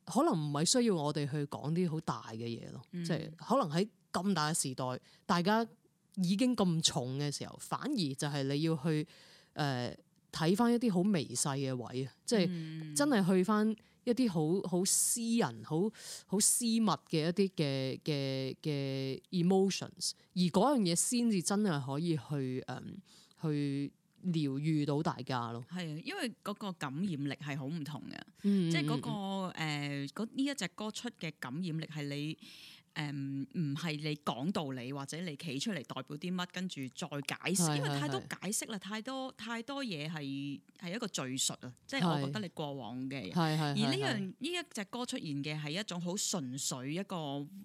可能唔係需要我哋去講啲好大嘅嘢咯，即係、嗯、可能喺咁大嘅時代，大家已經咁重嘅時候，反而就係你要去誒睇翻一啲好微細嘅位啊，即、就、係、是、真係去翻，一啲好好私人、好好私密嘅一啲嘅嘅嘅 emotions，而嗰樣嘢先至真係可以去誒、嗯、去療愈到大家咯。係啊，因為嗰個感染力係好唔同嘅，嗯嗯即係嗰、嗰個誒嗰呢一隻歌出嘅感染力係你。誒唔唔係你講道理，或者你企出嚟代表啲乜，跟住再解釋，是是是因為太多解釋啦，太多太多嘢係係一個敘述啊。即係是是我覺得你過往嘅，是是是而呢樣呢一隻歌出現嘅係一種好純粹一個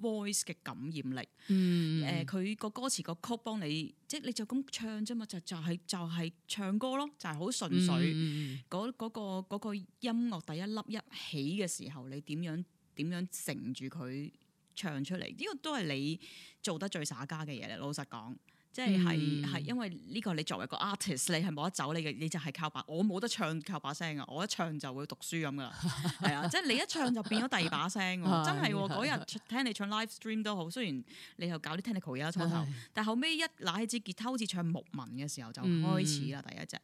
voice 嘅感染力。佢個、嗯呃、歌詞個曲幫你，即係你就咁唱啫嘛，就是、就係就係唱歌咯，就係、是、好純粹嗰嗰個音樂第一粒一起嘅時候，你點樣點樣承住佢。唱出嚟，呢個都係你做得最耍家嘅嘢。老實講，即係係係因為呢個你作為一個 artist，你係冇得走，你嘅你就係靠把。我冇得唱靠把聲啊！我一唱就會讀書咁噶啦，係啊！即係你一唱就變咗第二把聲， 真係嗰日聽你唱 live stream 都好。雖然你又搞啲 technical 嘢喺、啊、初頭， 但後尾一拿起支吉他好似唱牧民嘅時候就開始啦，嗯、第一隻。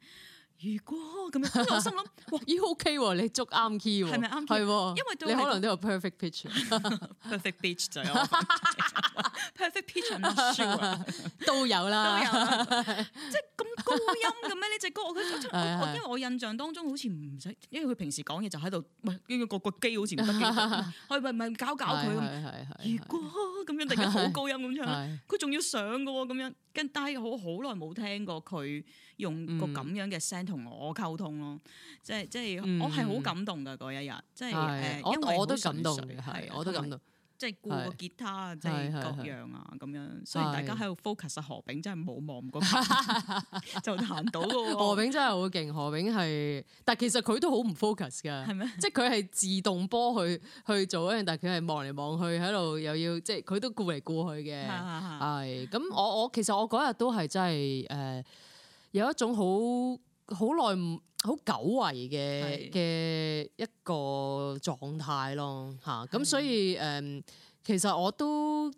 如果咁樣，咁我心諗，哇咦 ok 喎，okay，你捉啱 key 喎，係咪啱 key？喎，吧因為對你，你可能都有 perfect pitch，perfect pitch 就有 perfect pitch I'm not sure 都有啦，都有， 即係咁高音嘅咩呢隻歌？我覺得真係，因為我印象當中好似唔使，因為佢平時講嘢就喺度，唔係因為個個機好似唔得嘅，係咪咪搞搞佢？ 如果咁樣突然好高音咁樣，佢仲 要上嘅喎咁樣。跟但係我好耐冇聽過佢用個咁樣嘅聲同我溝通咯，嗯、即係即係我係好感動㗎嗰、嗯、一日，即係因為對我對我都感動，係我都感動。即係顧個吉他啊，是即係各樣啊，咁樣是。所以大家喺度 focus，阿何炳真係冇望過， 就彈到、啊、何炳真係好勁，何炳係，但係其實佢都好唔 focus 噶。係咩嗎？即係佢係自動波去去做一樣，但係佢係望嚟望去喺度，又要即係佢都顧嚟顧去嘅。係咁，我我其實我嗰日都係真係，誒、呃，有一種好。好耐唔好久違嘅嘅一個狀態咯吓，咁所以誒是的、嗯，其實我都。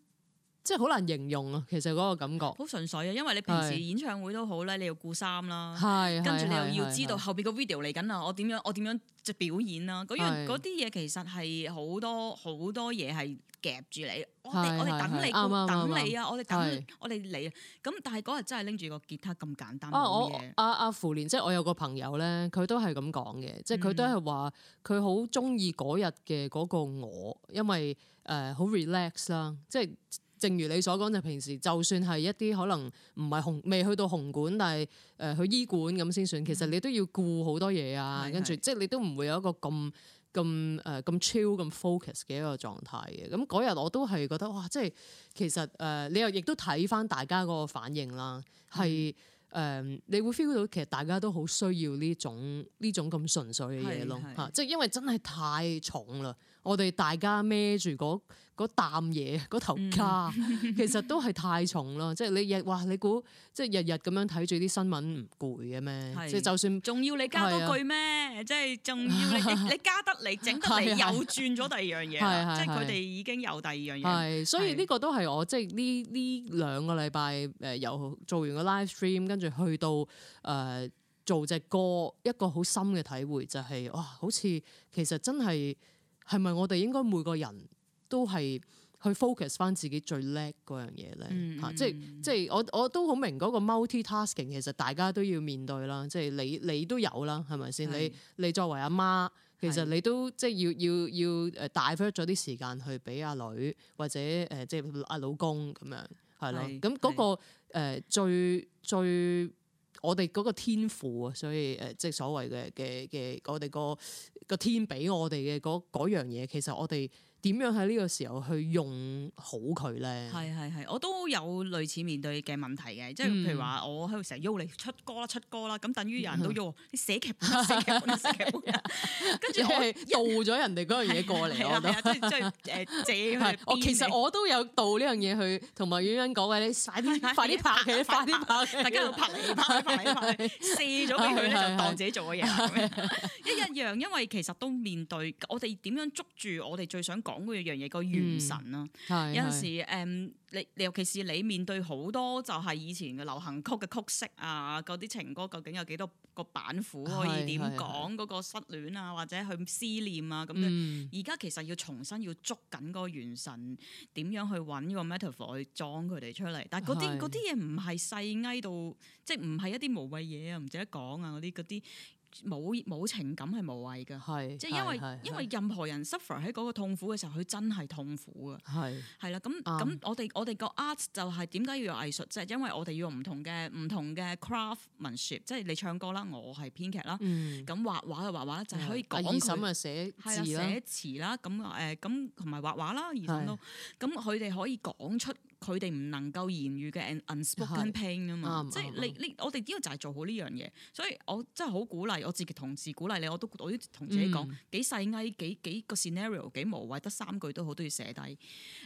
即係好難形容啊！其實嗰個感覺好純粹啊，因為你平時演唱會都好咧，你要顧衫啦，跟住你又要知道後邊個 video 嚟緊啊，我點樣我點樣就表演啊？嗰樣嗰啲嘢其實係好多好多嘢係夾住你，我哋等你，等你啊！我哋等我哋嚟啊！咁但係嗰日真係拎住個吉他咁簡單冇嘢。啊，我啊啊芙蓮，即係我有個朋友咧，佢都係咁講嘅，即係佢都係話佢好中意嗰日嘅嗰個我，因為誒好 relax 啦，即係。正如你所講，就平時就算係一啲可能唔係紅未去到紅館，但係誒、呃、去醫館咁先算。其實你都要顧好多嘢啊，是是跟住即係你都唔會有一個咁咁誒咁 chill、咁 focus 嘅一個狀態嘅。咁嗰日我都係覺得哇，即係其實誒、呃、你又亦都睇返大家嗰個反應啦，係誒是是、呃、你會 feel 到其實大家都好需要呢種呢種咁純粹嘅嘢咯嚇。即係因為真係太重啦，我哋大家孭住嗰嗰啖嘢，嗰頭卡、嗯、其實都係太重咯。 即係你日哇，你估即係日日咁樣睇住啲新聞唔攰嘅咩？即係是就算仲要你加句咩？是啊、即係仲要你， 你，你加得嚟整得嚟 又轉咗第二樣嘢是、啊、即係佢哋已經有第二樣嘢，所以呢個都係我即係呢呢兩個禮拜誒，由、呃呃、做完個 live stream 跟住去到誒做隻歌，一個好深嘅體會就係、是、哇，好似其實真係係咪我哋應該每個人？都係去 focus 翻自己最叻嗰樣嘢咧，嚇、嗯嗯！即係即係我我都好明嗰個 multi-tasking，其實大家都要面對啦。即係你你都有啦，係咪先？是 你你作為阿媽，媽，其實你都即係要要要誒 divert 咗啲時間去俾阿女或者誒、呃、即係阿老公咁樣係咯。咁嗰是、嗯那個是、呃、最最、最我哋嗰個天賦啊，所以誒、呃、即係所謂嘅嘅嘅我哋個個天俾我哋嘅嗰嗰樣嘢，其實我哋。點樣喺呢個時候去用好佢咧？係係係，我都有類似面對嘅問題嘅，即係譬如話，我喺度成日喐你出歌啦出歌啦，咁等於有人都喐你寫劇本寫劇本寫劇本，跟住我係導咗人哋嗰樣嘢過嚟，我即係即係誒借。其實我都有導呢樣嘢去，同埋婉欣講嘅你快啲拍，快啲拍嘅，快啲拍，大家要拍嚟拍去拍去，試咗佢咧就當自己做嘅嘢，一樣，因為其實都面對我哋點樣捉住我哋最想。講嗰樣嘢個元神啦，嗯、有陣時，誒是是、嗯，你尤其是你面對好多就係以前嘅流行曲嘅曲式啊，嗰啲情歌究竟有幾多個板斧可以點講嗰個失戀啊，或者去思念啊咁樣？而家、嗯、其實要重新要捉緊嗰個元神，點樣去搵個 metaphor 去裝佢哋出嚟？但係嗰啲啲嘢唔係細埃度，即係唔係一啲無謂嘢啊，唔值得講啊啲嗰啲。冇冇情感係無謂嘅，係是即係因為因為任何人 suffer 喺嗰個痛苦嘅時候，佢真係痛苦嘅，係係啦。咁咁、嗯、我哋我哋個 art 就係點解要有藝術？即係因為我哋要用唔同嘅唔同嘅 craftsmanship，即係你唱歌啦，我係編劇啦，咁、嗯、畫畫嘅畫畫啦，就係可以講佢。二嬸啊，寫字啦，寫詞啦，咁誒咁同埋畫畫啦，二嬸都咁佢哋可以講出。佢哋唔能夠言語嘅 unspeakable pain 啊嘛，campaign, 對即係你呢？我哋呢個就係做好呢樣嘢，對所以我真係好鼓勵我自己同事鼓勵你，我都我都同自己講幾、嗯、細藝幾幾個 scenario 幾無謂，得三句都好都要寫低誒、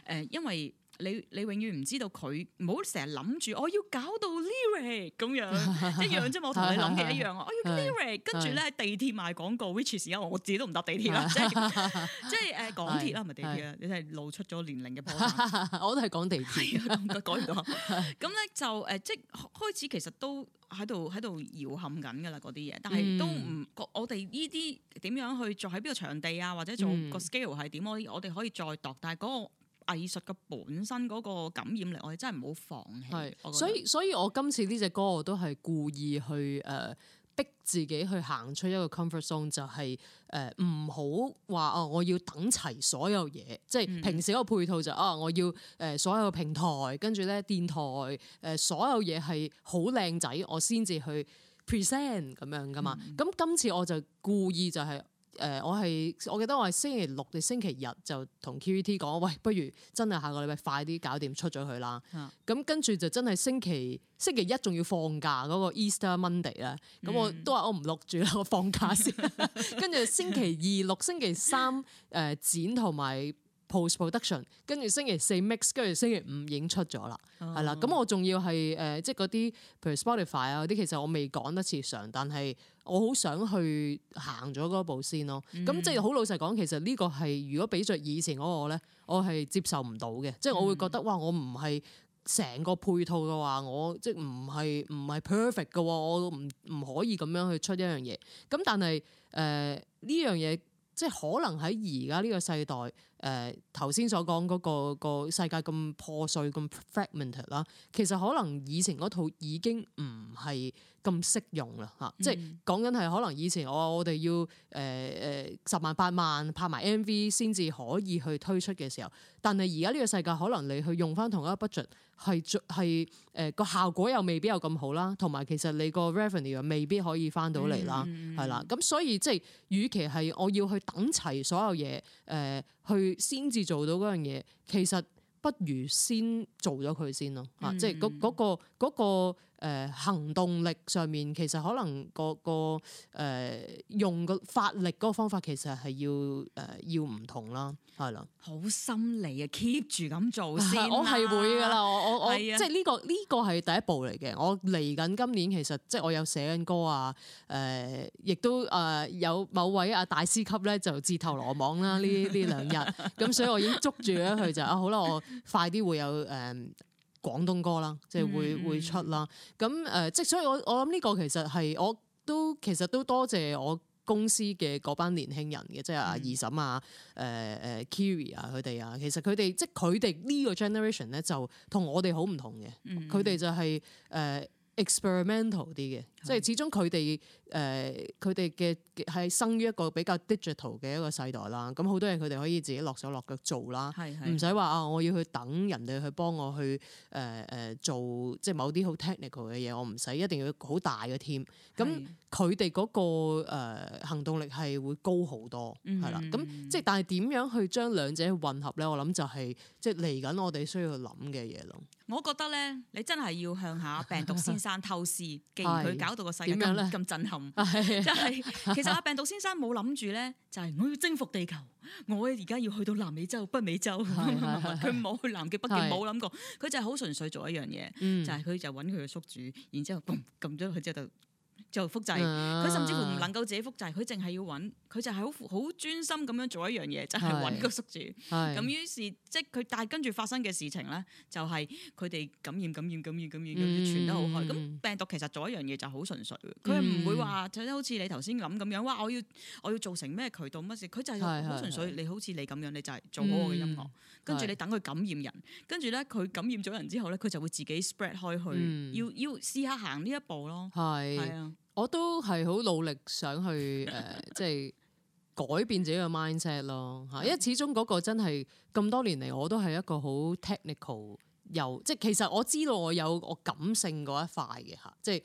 呃，因為。你你永遠唔知道佢，唔好成日諗住我要搞到 lyric 咁樣 一樣啫，我同你諗嘅一樣。我要 lyric 跟住咧地鐵賣廣告，which 係因為我自己都唔搭地鐵啦， 即係即係誒港鐵啦，唔係地鐵啦， 你真係露出咗年齡嘅破綻。 我都係講地鐵， 講唔到？咁咧就誒，即係開始其實都喺度喺度搖撼緊嘅啦，嗰啲嘢，但係都唔、嗯、我我哋呢啲點樣去做喺邊個場地啊，或者做個 scale 係點？我哋可以再度，但係嗰、嗰個藝術嘅本身嗰個感染力，我哋真係唔好放棄。是覺所以，所以我今次呢隻歌，我都係故意去誒、呃、逼自己去行出一個 comfort zone，就係誒唔好話哦，我要等齊所有嘢，即係平時嗰個配套就是嗯、啊，我要誒、呃、所有嘅平台，跟住咧電台誒、呃、所有嘢係好靚仔，我先至去 present 咁樣噶嘛。咁、嗯、今次我就故意就係、是。誒、呃，我係我記得我係星期六定星期日就同 QVT 講，喂，不如真係下個禮拜快啲搞掂出咗佢啦。咁、嗯、跟住就真係星期星期一仲要放假嗰、那個 Easter Monday 咧。咁我都話我唔錄住啦，我放假先。 跟住星期二六、星期三誒、呃、剪同埋 post production，跟住星期四 mix，跟住星期五影出咗啦，係啦、哦。咁我仲要係誒、呃，即係嗰啲譬如 Spotify 啊嗰啲，其實我未趕得切常，但係。我好想去行咗嗰步先咯，咁即係好老實講，其實呢個係如果比着以前嗰個咧，我係接受唔到嘅，即係、嗯、我會覺得哇，我唔係成個配套嘅話，我即係唔係唔係 perfect 嘅話，我唔唔可以咁樣去出一、呃、樣嘢。咁但係誒呢樣嘢，即係可能喺而家呢個世代。誒頭先所講嗰、嗰個嗰個世界咁破碎咁 fragment 啦，其實可能以前嗰套已經唔係咁適用啦嚇，嗯、即係講緊係可能以前、哦、我我哋要誒誒、呃、十萬八萬拍埋 MV 先至可以去推出嘅時候，但係而家呢個世界可能你去用翻同一個 budget，係做係誒個效果又未必有咁好啦，同埋其實你個 revenue 又未必可以返到嚟啦，係啦、嗯，咁所以即係，與其係我要去等齊所有嘢誒、呃、去先至做到嗰樣嘢，其實不如先做咗佢先咯嚇，嗯、即係嗰嗰嗰個。嗰個誒、呃、行動力上面其實可能個個誒、呃、用個發力嗰個方法其實係要誒、呃、要唔同啦，係啦，好心理啊，keep 住咁做先、啊、我係會噶啦，我、啊、我我即係呢個呢個係第一步嚟嘅。我嚟緊今年其實即係我有寫緊歌啊，誒、呃、亦都誒有某位阿大師級咧就自投羅網啦，呢呢 兩日咁， 所以我已經捉住咗佢就啊，好啦，我快啲會有誒。呃廣東歌啦，即係會會出啦。咁誒、嗯，即、呃、係所以我我諗呢個其實係我都其實都多謝我公司嘅嗰班年輕人嘅，即係阿二嬸啊、誒、呃、誒、呃、Kiri 啊佢哋啊。其實佢哋即係佢哋呢個 generation 咧，嗯、就同我哋好唔同嘅。佢哋就係誒 experimental 啲嘅。即係始終佢哋誒佢哋嘅係生於一個比較 digital 嘅一個世代啦，咁好多嘢，佢哋可以自己落手落腳做啦，唔使話啊我要去等人哋去幫我去誒誒、呃、做即係某啲好 technical 嘅嘢，我唔使一定要好大嘅 team。咁佢哋嗰個、呃、行動力係會高好多，係啦。咁即係但係點樣去將兩者混合咧？我諗就係即係嚟緊我哋需要去諗嘅嘢咯。我覺得咧，你真係要向下病毒先生透視，既然佢搞到個世界咁震撼，就係其實阿病毒先生冇諗住咧，就係我要征服地球，我而家要去到南美洲、北美洲，佢冇 去南極、北極，冇諗過，佢就係好純粹做一樣嘢，就係、是、佢就揾佢嘅宿主，然之後撳撳咗佢之後就就複製，佢甚至乎唔能夠自己複製，佢淨係要揾，佢就係好好專心咁樣做一樣嘢，就係揾個宿主。咁於是即係佢，但係跟住發生嘅事情咧，就係佢哋感染、感染、感染、感染，咁傳得好開。咁病毒其實做一樣嘢就好純粹，佢唔會話即係好似你頭先諗咁樣，哇！我要我要做成咩渠道乜事？佢就係好純粹，你好似你咁樣，你就係做好我嘅音樂，跟住你等佢感染人，跟住咧佢感染咗人之後咧，佢就會自己 spread 開去，要要試下行呢一步咯。係啊。我都係好努力想去誒，即係、 呃、改變自己嘅 mindset 咯嚇，因為始終嗰個真係咁多年嚟，我都係一個好 technical 又即係其實我知道我有我感性嗰一塊嘅嚇，即係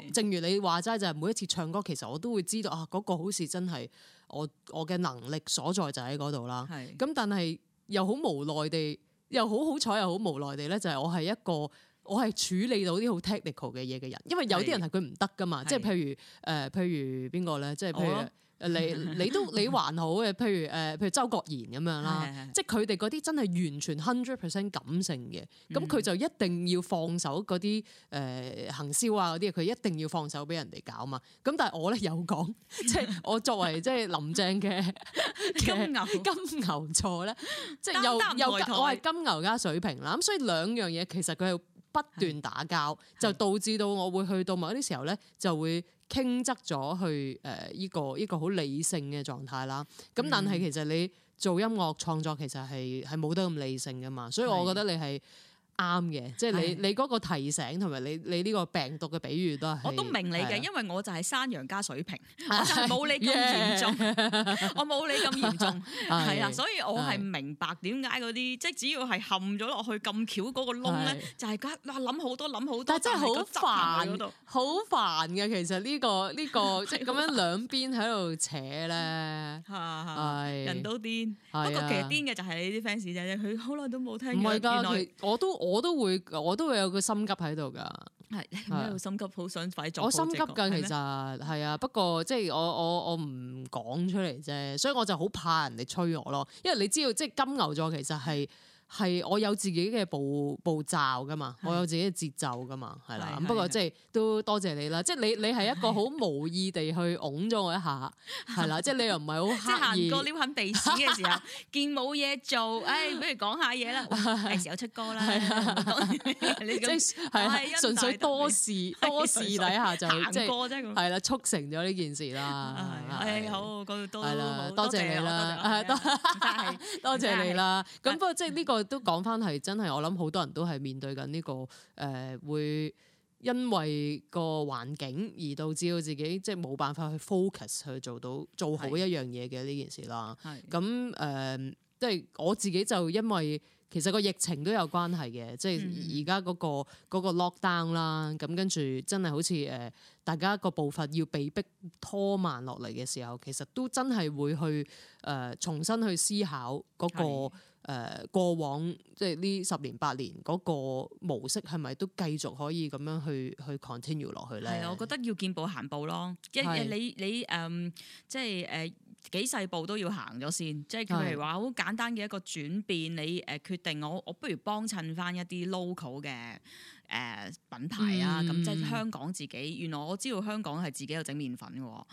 學正如你話齋，就係、是、每一次唱歌其實我都會知道啊，嗰、那個好似真係我我嘅能力所在就喺嗰度啦。咁是，但係又好無奈地，又好好彩又好無奈地呢，就係、是、我係一個。我係處理到啲好 technical 嘅嘢嘅人，因為有啲人係佢唔得噶嘛，即係是的 譬如誒、呃，譬如邊個咧？即係譬如我的 你你都你還好嘅，譬如誒、呃，譬如周國賢咁樣啦，即係佢哋嗰啲真係完全 hundred percent 感性嘅，咁佢就一定要放手嗰啲誒行銷啊嗰啲，佢一定要放手俾人哋搞嘛。咁但係我咧有講，即係我作為即係林鄭嘅 金牛 金牛座咧，即係又丹丹又我係金牛加水瓶啦，咁所以兩樣嘢其實佢係。不斷打交就導致到我會去到某一啲時候咧，就會傾側咗去誒依、呃、個依個好理性嘅狀態啦。咁但係其實你做音樂創作其實係係冇得咁理性噶嘛，所以我覺得你係。啱嘅，即係你你嗰個提醒同埋你你呢個病毒嘅比喻都係我都明你嘅，因為我就係山羊加水瓶，我就冇你咁嚴重，我冇你咁嚴重，係啊，所以我係明白點解嗰啲即係只要係冚咗落去咁巧嗰個窿咧，就係哇諗好多諗好多，但真係好煩，好煩嘅其實呢個呢個即係咁樣兩邊喺度扯咧，係人都癲，不過其實癲嘅就係你啲 fans 啫，佢好耐都冇聽，唔係我都我都會，我都會有個心急喺度㗎，係有心急，好是想快作、呢個。我心急㗎，嗎其實係啊，不過即係、就是、我我我唔講出嚟啫，所以我就好怕人哋催我咯，因為你知道即係、就是、金牛座其實係。嗯。係我有自己嘅步步驟㗎嘛，我有自己嘅節奏㗎嘛，係啦。不過即係都多謝你啦，即係你你係一個好無意地去拱咗我一下，係啦。即係你又唔係好刻意，即係行過撩下鼻屎嘅時候，見冇嘢做，唉，不如講下嘢啦。係時候出歌啦，即係純粹多事多事底下就即係係啦，促成咗呢件事啦。誒好，多謝你啦，多謝你啦。咁不過即係呢個。都講翻係真係，我諗好多人都係面對緊呢、這個誒、呃，會因為個環境而導致到自己即係冇辦法去 focus 去做到做好一樣嘢嘅呢件事啦。咁誒的，即係、呃、我自己就因為其實個疫情都有關係嘅，即係而家嗰個嗰、嗯、個 lockdown 啦，咁跟住真係好似誒大家個步伐要被逼拖慢落嚟嘅時候，其實都真係會去誒、呃、重新去思考嗰、那個。誒、呃、過往即係呢十年八年嗰個模式係咪都繼續可以咁樣去去 continue 落去咧？係啊，我覺得要見步行步咯，一誒是你你誒、呃、即係誒、呃、幾細步都要行咗先，即係譬如話好簡單嘅一個轉變，你誒、呃、決定我我不如幫襯翻一啲 local 嘅。誒品牌啊，咁即係香港自己。原來我知道香港係自己有整麵粉嘅喎，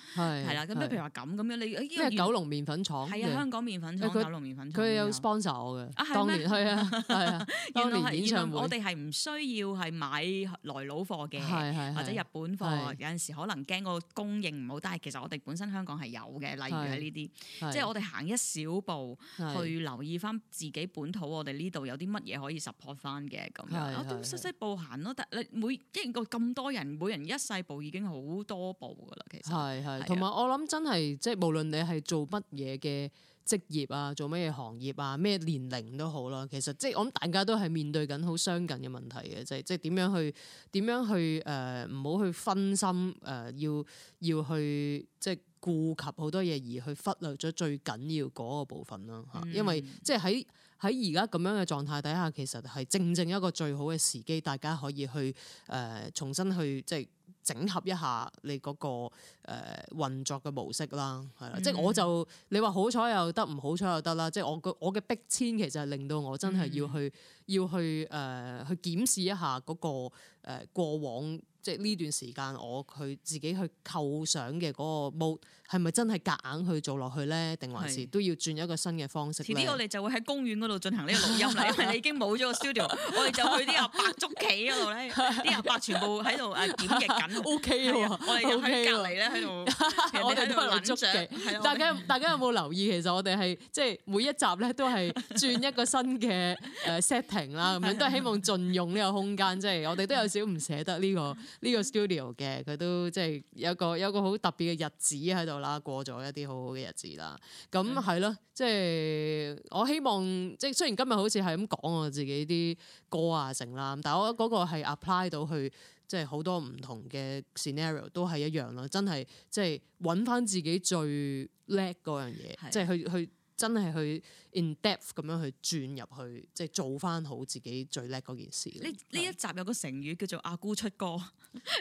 係啦。咁譬如話咁咁樣，你因為九龍麵粉廠，係啊，香港麵粉廠，九龍麵粉廠，佢有 sponsor 我嘅。啊，係咩？係啊，係啊。原來現場，我哋係唔需要係買來佬貨嘅，或者日本貨。有陣時可能驚個供應唔好，但係其實我哋本身香港係有嘅，例如喺呢啲，即係我哋行一小步去留意翻自己本土，我哋呢度有啲乜嘢可以 support 翻嘅咁樣。我都細細難咯，但係你每一個咁多人，每人一世步已經好多步噶啦，其實係係，同埋是的我諗真係即係無論你係做乜嘢嘅職業啊，做乜嘢行業啊，咩年齡都好啦，其實即係、就是、我諗大家都係面對緊好相近嘅問題嘅，就係即係點樣去點樣去誒，唔、呃、好去分心誒、呃，要要去即係、就是、顧及好多嘢，而去忽略咗最緊要嗰個部分啦嚇，嗯、因為即係喺。就是喺而家咁樣嘅狀態底下，其實係正正一個最好嘅時機，大家可以去誒、呃、重新去即係整合一下你嗰、那個誒、呃、運作嘅模式啦，係啦、嗯。即係我就你話好彩又得，唔好彩又得啦。即係我個我嘅逼遷，其實係令到我真係要去、嗯、要去誒、呃、去檢視一下嗰、那個誒、呃、過往，即係呢段時間我佢自己去構想嘅嗰個模。係咪真係夾硬，硬去做落去咧？定還是都要轉一個新嘅方式咧？遲啲我哋就會喺公園嗰度進行呢個錄音啦。 因為你已經冇咗個 studio， 我哋就去啲阿伯捉棋嗰度咧，啲阿 伯，伯全部喺度誒檢疫緊。O K 我哋就喺隔離咧喺度，我哋喺度攬大家大家有冇留意？其實我哋係即係每一集咧都係轉一個新嘅誒 setting 啦，咁樣 都係希望盡用呢個空間。即係 我哋都有少少唔捨得呢個呢個 studio 嘅，佢都即係有個有個好特別嘅日子喺度。啦，過咗一啲好好嘅日子啦，咁係咯，即係我希望，即係雖然今日好似係咁講我自己啲歌啊成啦，但係我覺得嗰個係 apply 到去，即係好多唔同嘅 scenario 都係一樣咯，真係即係揾翻自己最叻嗰樣嘢，是的 即係去去真係去。去 in depth 咁樣去轉入去，即係做翻好自己最叻嗰件事。呢呢一集有個成語叫做阿姑出歌，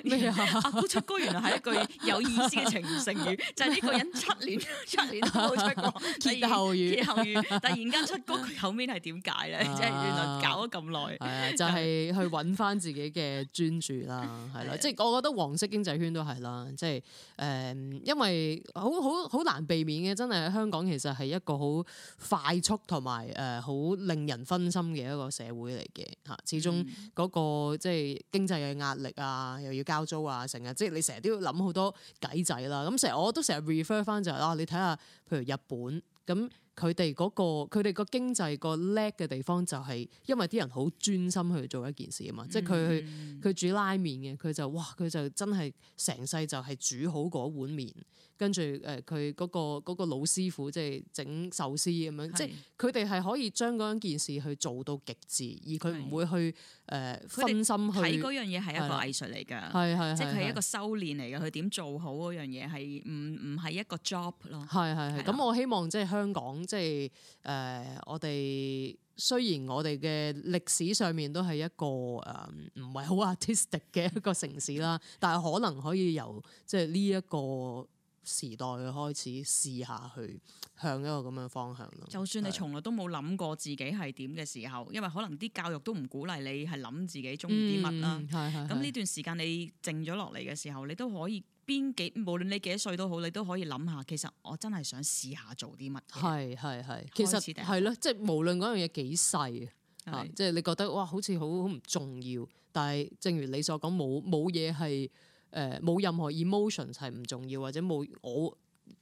咩啊？ 阿姑出歌原來係一句有意思嘅成語 成語，就係呢個人七年七年都冇出，出歌，歇後語，歇後語突然間出歌，佢後面係點解咧？即係，啊， 原來搞咗咁耐，就係去揾翻自己嘅專注啦，係啦， 即係我覺得黃色經濟圈都係啦，即係誒因為好好好，好，好難避免嘅，真係香港其實係一個好快速同埋誒好令人分心嘅一個社會嚟嘅嚇，始終嗰個即係經濟嘅壓力啊，又要交租啊，成日即係你成日都要諗好多計仔啦。咁成日我都成日 refer 翻就係、是、啦、啊，你睇下，譬如日本咁。佢哋嗰個佢哋個經濟個叻嘅地方就係因為啲人好專心去做一件事啊嘛，嗯、即係佢佢煮拉麵嘅，佢就哇佢就真係成世就係煮好嗰碗麵，跟住誒佢嗰個嗰、嗰個老師傅即係整壽司咁樣，是即係佢哋係可以將嗰樣件事去做到極致，而佢唔會去。誒分心去睇嗰樣嘢係一個藝術嚟㗎，係係即係佢係一個修練嚟㗎，佢點係做好嗰樣嘢係唔唔係一個 job 咯？係係係。咁我希望即係香港，即係誒、呃、我哋雖然我哋嘅歷史上面都係一個誒呃、唔係好 artistic 嘅一個城市啦， 但係可能可以由即係呢一個。時代嘅開始，試下去向一個咁樣方向咯。就算你從來都冇諗過自己係點嘅時候，因為可能啲教育都唔鼓勵你係諗自己中意啲乜啦。係係。咁呢段時間你靜咗落嚟嘅時候，你都可以邊幾無論你幾多歲都好，你都可以諗下，其實我真係想試下做啲乜。係係係，其實係咯，即係無論嗰樣嘢幾細，係。即係你覺得哇，好似好好唔重要，但係正如你所講，冇冇嘢係。誒冇、呃、任何 emotion 係唔重要，或者冇我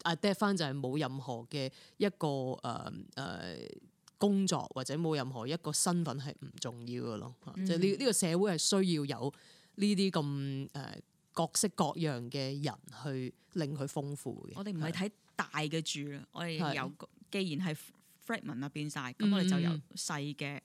阿 define 就係冇任何嘅一個誒誒、呃呃、工作或者冇任何一個身份係唔重要嘅咯，嗯、即係呢呢個社會係需要有呢啲咁誒各式各樣嘅人去令佢豐富嘅。我哋唔係睇大嘅住，是我哋由既然係 fragment 啊變晒，咁是我哋就有細嘅。嗯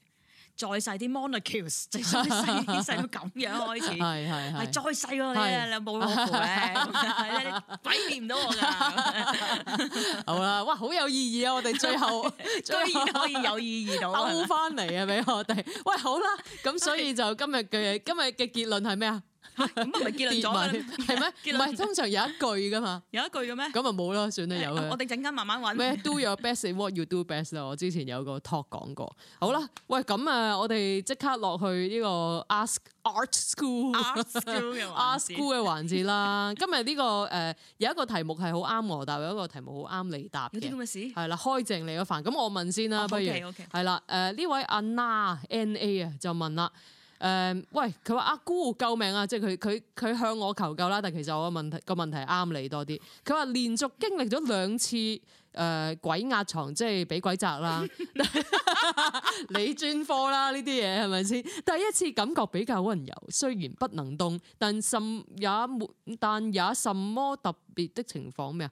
再細啲 monocules，再細啲細到咁樣開始，係係係，再細喎是你 你冇老婆咧，係咧，改變唔到我啦。好啦，哇，好有意義啊！我哋最後 居然可以有意義到兜翻嚟啊！俾 我哋， 喂，好啦，咁所以就今日嘅 今日嘅結論係咩啊？咁咪咪結論咗啦，係咩嗎？唔係論通常有一句㗎嘛，有一句嘅咩？咁咪冇咯，算得有嘅、呃。我哋陣間慢慢揾。咩 ？Do your best in what you do best 啊！我之前有個 talk 講過。好啦，喂，咁啊，我哋即刻落去呢個 Ask Art School、Art School 嘅環節啦。 今日呢、呢個誒、呃、有一個題目係好啱我答，但有一個題目好啱你答嘅。有啲咁事。係啦，開正你個飯。咁我問先啦，不如係啦。誒、呃、呢位阿娜 N A 啊，就問啦。誒、呃，喂！佢話阿姑救命啊！即係佢佢佢向我求救啦。但其實我個問題個問題啱你多啲。佢話連續經歷咗兩次誒、呃、鬼壓床，即係俾鬼責 啦。你專科啦，呢啲嘢係咪先？第一次感覺比較溫柔，雖然不能動，但什也沒，但也什麼特別的情況咩啊？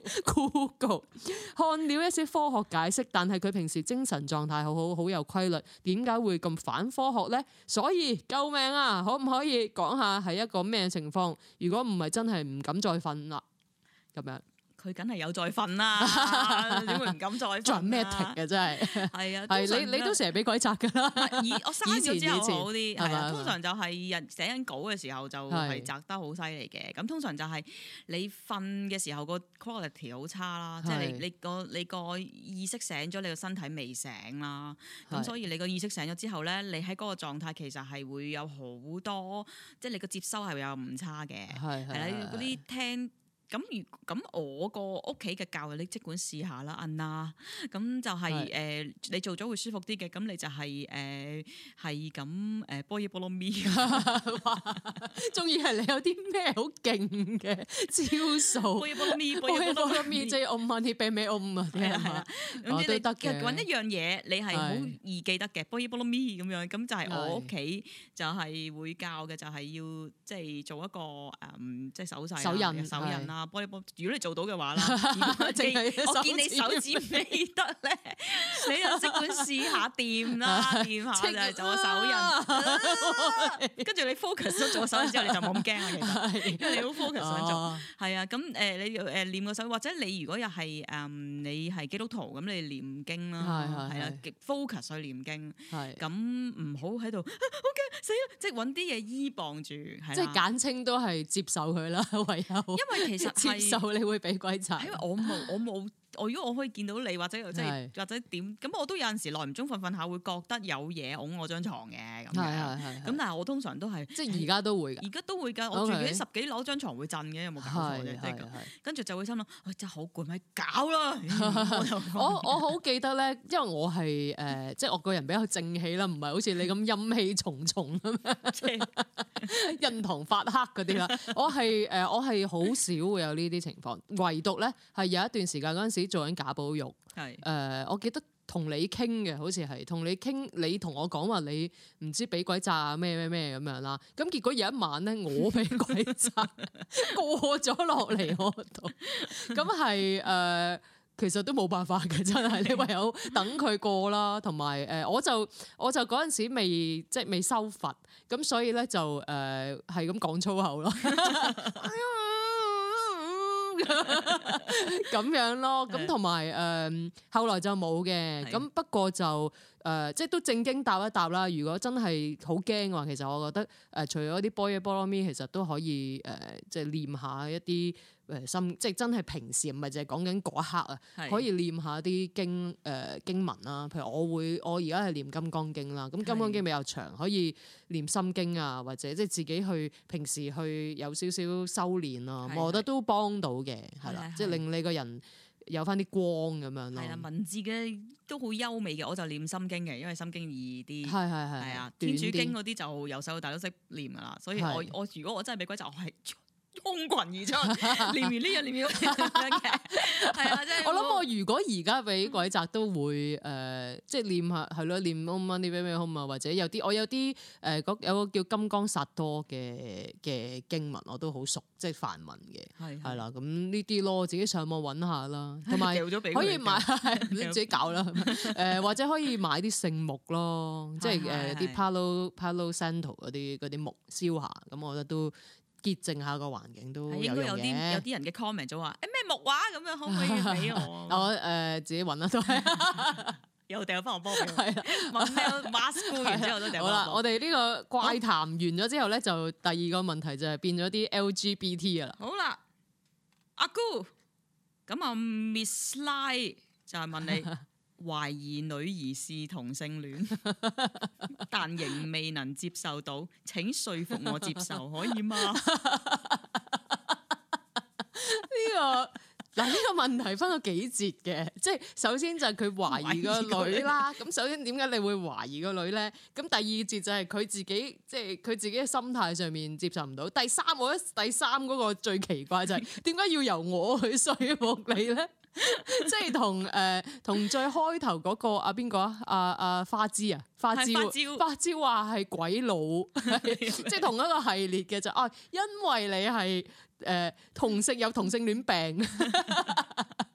Google 看了一些科學解釋，但係佢平時精神狀態好好，好有規律，點解會咁反科學呢？所以救命啊！可唔可以講下係一個咩情況？如果唔係真係唔敢再瞓啦，咁樣。佢梗係有再瞓啦，點會唔敢再？做咩停啊？真係係啊，係你你都成日俾鬼砸噶啦。我生咗之後好啲係啊，通常就係日寫緊稿嘅時候就係砸得好犀利嘅。咁通常就係你瞓嘅時候個 quality 好差啦，即係你你個你個意識醒咗，你個身體未醒啦。咁所以你個意識醒咗之後咧，你喺嗰個狀態其實係會有好多，即係你個接收係有誤差嘅。係係啦，嗰啲聽。咁如咁我個屋企嘅教育你，即管試下啦，嗯啦。咁就係誒，你做咗會舒服啲嘅。咁你就係誒，係咁誒，波依波羅咪。中意係你有啲咩好勁嘅招數？波依波羅咪，波依波羅咪，即係嗡嘛呢叭咪嗡啊！係啦係啦，我揾一樣嘢，你係好易記得嘅，波依波羅咪咁樣。咁就係我屋企就係會教嘅，就係要即係做一個誒，即係手勢手手印啦。玻璃杯，如果你做到嘅話啦，我見你手指未得咧，你就即管試下掂啦，掂下就做個手印。跟住你 focus 咗做個手印之後，你就冇咁驚啦，因為你好 focus 咗。係啊，咁誒，你要誒念個手，或者你如果又係誒，你係基督徒咁，你念經啦，係啦，focus 去念經。係，咁唔好喺度，O K，死啦，即係揾啲嘢依傍住，即係簡稱都係接受佢啦，唯有。因為其實。接受是你會俾鬼責，因為我冇我冇。我如果我可以見到你，或者即係或者點咁，是我都有陣時耐唔中瞓瞓下會覺得有嘢拱我張床嘅咁咁但係我通常都係即係而家都會。而家都會㗎 Okay.，我住幾十幾樓張床會震嘅，有冇搞錯？跟住就會心諗，哎，真係好攰咪搞啦！」我 我，我好記得咧，因為我係誒、呃、 即係我個人比較正氣啦，唔係好似你咁陰氣重重咁， 印堂發黑嗰啲啦。我係誒、呃、我係好少會有呢啲情況，唯獨咧係有一段時間嗰陣時。做緊假保育，係誒是、呃，我記得同你傾嘅，好似係同你傾，你同我講話你唔知俾鬼炸咩咩咩咁樣啦，咁結果有一晚咧，我俾鬼炸 過咗落嚟我度，咁係誒，其實都冇辦法嘅，真係你唯有等佢過啦。同埋誒，我就我就嗰陣時未即係未修佛，咁所以咧就誒係咁講粗口咯。呃 咁 樣咯吧，咁同埋誒，後來就冇嘅，咁的不過就。誒、呃，即係都正經答一答啦。如果真係好驚嘅話，其實我覺得誒、呃，除咗啲波耶波羅蜜，其實都可以誒，即係唸下一啲誒心，即係真係平時唔係淨係講緊嗰一刻啊，是可以念一下啲經誒、呃、經文啦。譬如我會，我而家係念《金剛經》啦。咁《金剛經》比較長，是可以念《心經》啊，或者即係自己去平時去有少少修練咯。是是我覺得都幫到嘅，係啦，即係令你個人。有翻啲光咁樣咯，係啊，文字嘅都好優美嘅，我就念《心經》嘅，因為心經易啲，係係係，係啊的，點天主經嗰啲就由細到大都識念噶啦，所以我的我如果我真係俾鬼就我係。空群而出，念完呢樣，念完呢樣嘅，係啊！即係我諗，我如果而家俾鬼宅都會誒，即係念下係咯，念 Om Mani Padme Hum 啊，或者有啲我有啲誒，嗰有個叫金剛薩多嘅嘅經文，我都好熟，即係梵文嘅，係係啦，咁呢啲咯，自己上網揾下啦，同埋可以買你自己搞啦，誒，或者可以買啲聖木咯，即係誒啲 Palo Palo Santo 嗰啲啲木燒下，咁我覺得都。潔淨下個環境都有用嘅。有啲人嘅 comment 就話，誒、欸、咩木畫、啊、咁樣，可唔可以俾我？ 我、呃、自己揾啦都。有掉翻我幫佢。係 下，問咩 mask, 完之後都掉翻我。好啦，我哋呢個怪談完咗之後咧，啊、就第二個問題就係變咗啲 LGBT 啊。好啦，阿姑，咁啊 Miss Lie 就係問你。 懷疑女兒是同性戀，但仍未能接受到，請說服我接受，可以嗎？呢個嗱，呢個問題分咗幾節嘅，即係首先就係佢懷疑個女啦。咁首先點解你會懷疑個女咧？咁第二節就係佢自己，即係佢自己嘅心態上面接受唔到。第三，我咧第三嗰個最奇怪就係點解要由我去說服你咧？ 即係同誒，同、呃、最開頭嗰個啊邊個啊？啊啊花枝啊，花枝、啊、花椒話係鬼佬， 即係同一個系列嘅就哦，因為你係誒、呃、同性有同性戀病。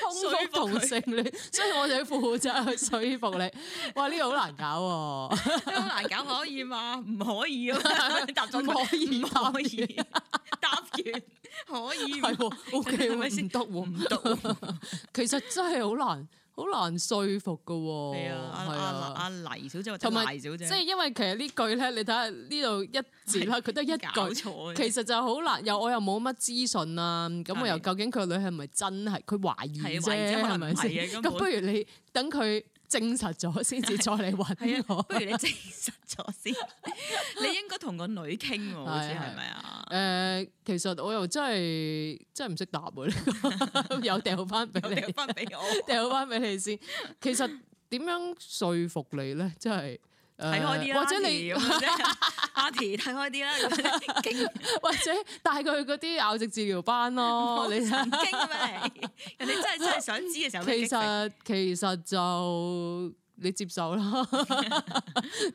通福同性，你所以我就要負責去說服你。哇，呢、這個好難、啊、難搞，好難搞可以嘛？唔可以咯。答咗講可以嗎？答完可以。 ！OK，咪先唔得，唔得。 其實真係好難。好難說服嘅喎，係啊，阿、啊啊啊啊、黎小姐，同埋即係因為其實句呢句咧，你睇下呢度一字啦，佢得是一句，錯其實就好難。又我又冇乜資訊啊，咁的我又究竟佢個女係咪真係？佢懷疑啫，係咪先？咁不，不，不如你等佢。證實咗先至再嚟揾我的， 不如你證實咗先。 你應該同個女傾喎，好似係咪啊？誒，其實我又真係真係唔識答喎，呢 個又掉翻俾你，掉翻俾我，掉翻俾你先。 其實點樣說服你咧？真係～睇開啲啦，或者你，或者阿 T 睇開啲啦，或者帶佢去嗰啲咬直治療班咯，你驚咩？人哋真係真係想知嘅時候。其實其實就你接受啦，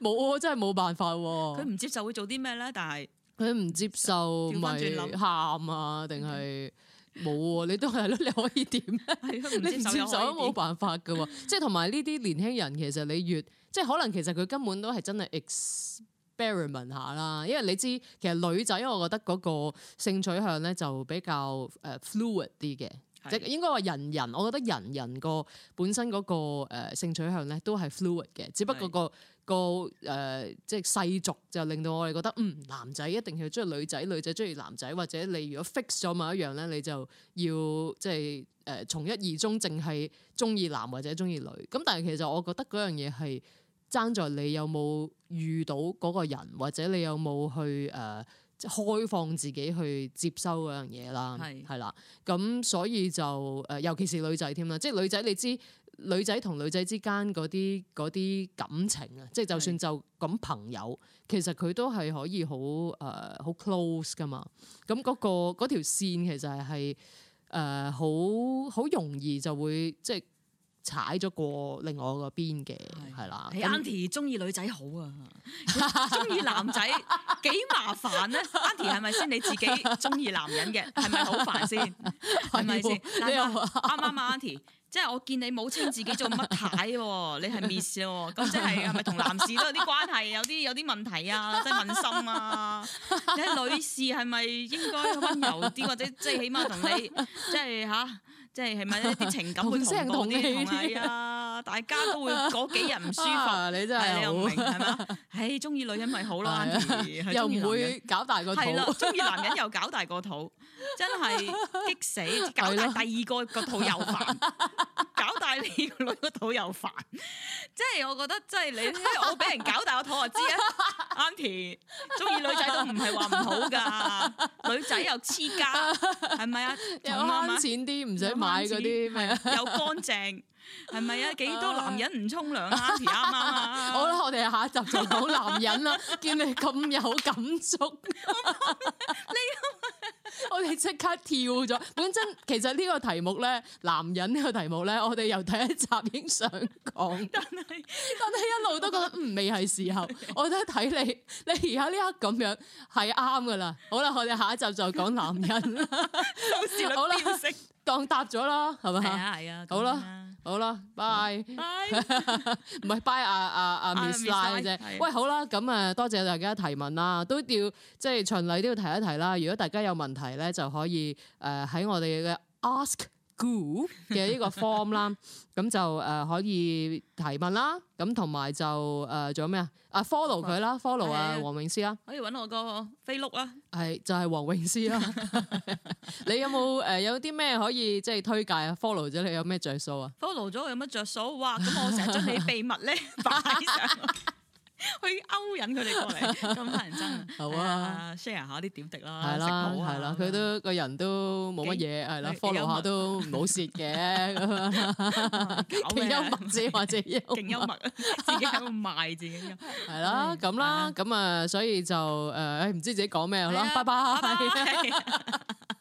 冇真係冇辦法。佢唔接受會做啲咩咧？但係佢唔接受咪喊啊？定係？冇喎、啊，你都係咯，你可以點咧？你唔接受都冇辦法噶、啊， 即係同埋呢啲年輕人其實你越，即係可能其實佢根本都係真係 experiment 下啦。因為你知其實女仔，我覺得嗰個性取向咧就比較誒 fluid 啲嘅，是的 即係應該話人人，我覺得人人個本身嗰個性取向咧都係 fluid 嘅，只不過、個。個誒、呃、即係世俗就令到我哋覺得，嗯，男仔一定要中意女仔，女仔中意男仔，或者你如果 fix 咗某一樣咧，你就要即係誒、呃、從一而終，淨係中意男或者中意女。咁但係其實我覺得嗰樣嘢係爭在你有冇遇到嗰個人，或者你有冇去誒、呃開放自己去接收嗰樣嘢啦，係係啦，咁所以就誒、呃，尤其是女仔添啦，即係女仔你知，女仔同女仔之間嗰啲啲感情啊，即係是就算就咁朋友，其實佢都係可以好誒好、呃、close 㗎嘛，咁、那、嗰個嗰條線其實係誒好好容易就會即係。踩咗過另外個邊嘅，係啦對。阿 Aunty 中意女仔好啊， 中意男仔幾麻煩咧、啊？阿 Aunty 係咪先你自己中意男人嘅，係咪好煩先？係咪先？啱啱阿 Aunty 即係我見你冇有稱、啊、自己做乜太喎，你係 miss 喎、啊，咁即係係咪同男士都有啲關係？有啲有啲問題啊，即、就、係、是、問心啊，你係女士係咪應該温柔啲，或者即係起碼同你即係吓。就是即係起碼一啲情感會同啲同埋啊，大家都會嗰幾日唔舒服，你真係你又唔明係嘛？唉，中意女人咪好咯，又唔會搞大個肚。係啦，中意男人又搞大個肚，真係激死！搞大第二個個肚又煩。 搞大你個女個肚又煩， 即係我覺得，即係你 我俾人搞大個肚我知啊，Auntie 中意女仔都唔係話唔好噶， 女仔又黐家，係咪啊？又慳錢啲，唔使買嗰啲咩，又乾淨。 係咪啊？幾多，多男人唔沖涼啊？阿好啦，我哋下一集就講男人啦。 見你咁有感觸，你我哋即刻跳咗。本身其實呢個題目咧，男人呢個題目咧，我哋由第一集已經想講。 但係是 但係一路都覺得唔未係時候。我得睇你， 你而家呢刻咁樣係啱噶啦。好啦，我哋下一集就講男人 好。好笑啦，邊識當答咗啦？係咪？係啊係啊。好啦。好好啦，拜 y 唔係拜阿 e 啊 Miss Line 啫。喂，好啦，咁誒、uh, 多謝大家提問啦，都要即係循例都要提一提啦。如果大家有問題咧，就可以誒喺、uh, 我哋嘅 ask。Goo 嘅呢個 form 啦，咁就誒可以提問啦，咁同埋就誒仲有咩啊？啊 follow 佢啦，follow 啊黃詠詩啦，可以揾我個飛碌啦，係就係黃詠詩啦。你有冇誒有啲咩可以即係推介啊？Follow 咗你有咩着數啊？Follow 咗我有乜着數？哇！咁我成日將你秘密咧擺上去勾引佢哋過嚟咁多人憎，好啊 share 下啲點滴啦，係啦，係啦，佢都個人都冇乜嘢，係啦，follow 下都唔好蝕嘅，勁幽默先或者勁幽默，自己喺度賣自己，係啦咁啦，咁啊，所以就誒唔知自己講咩啦，拜拜。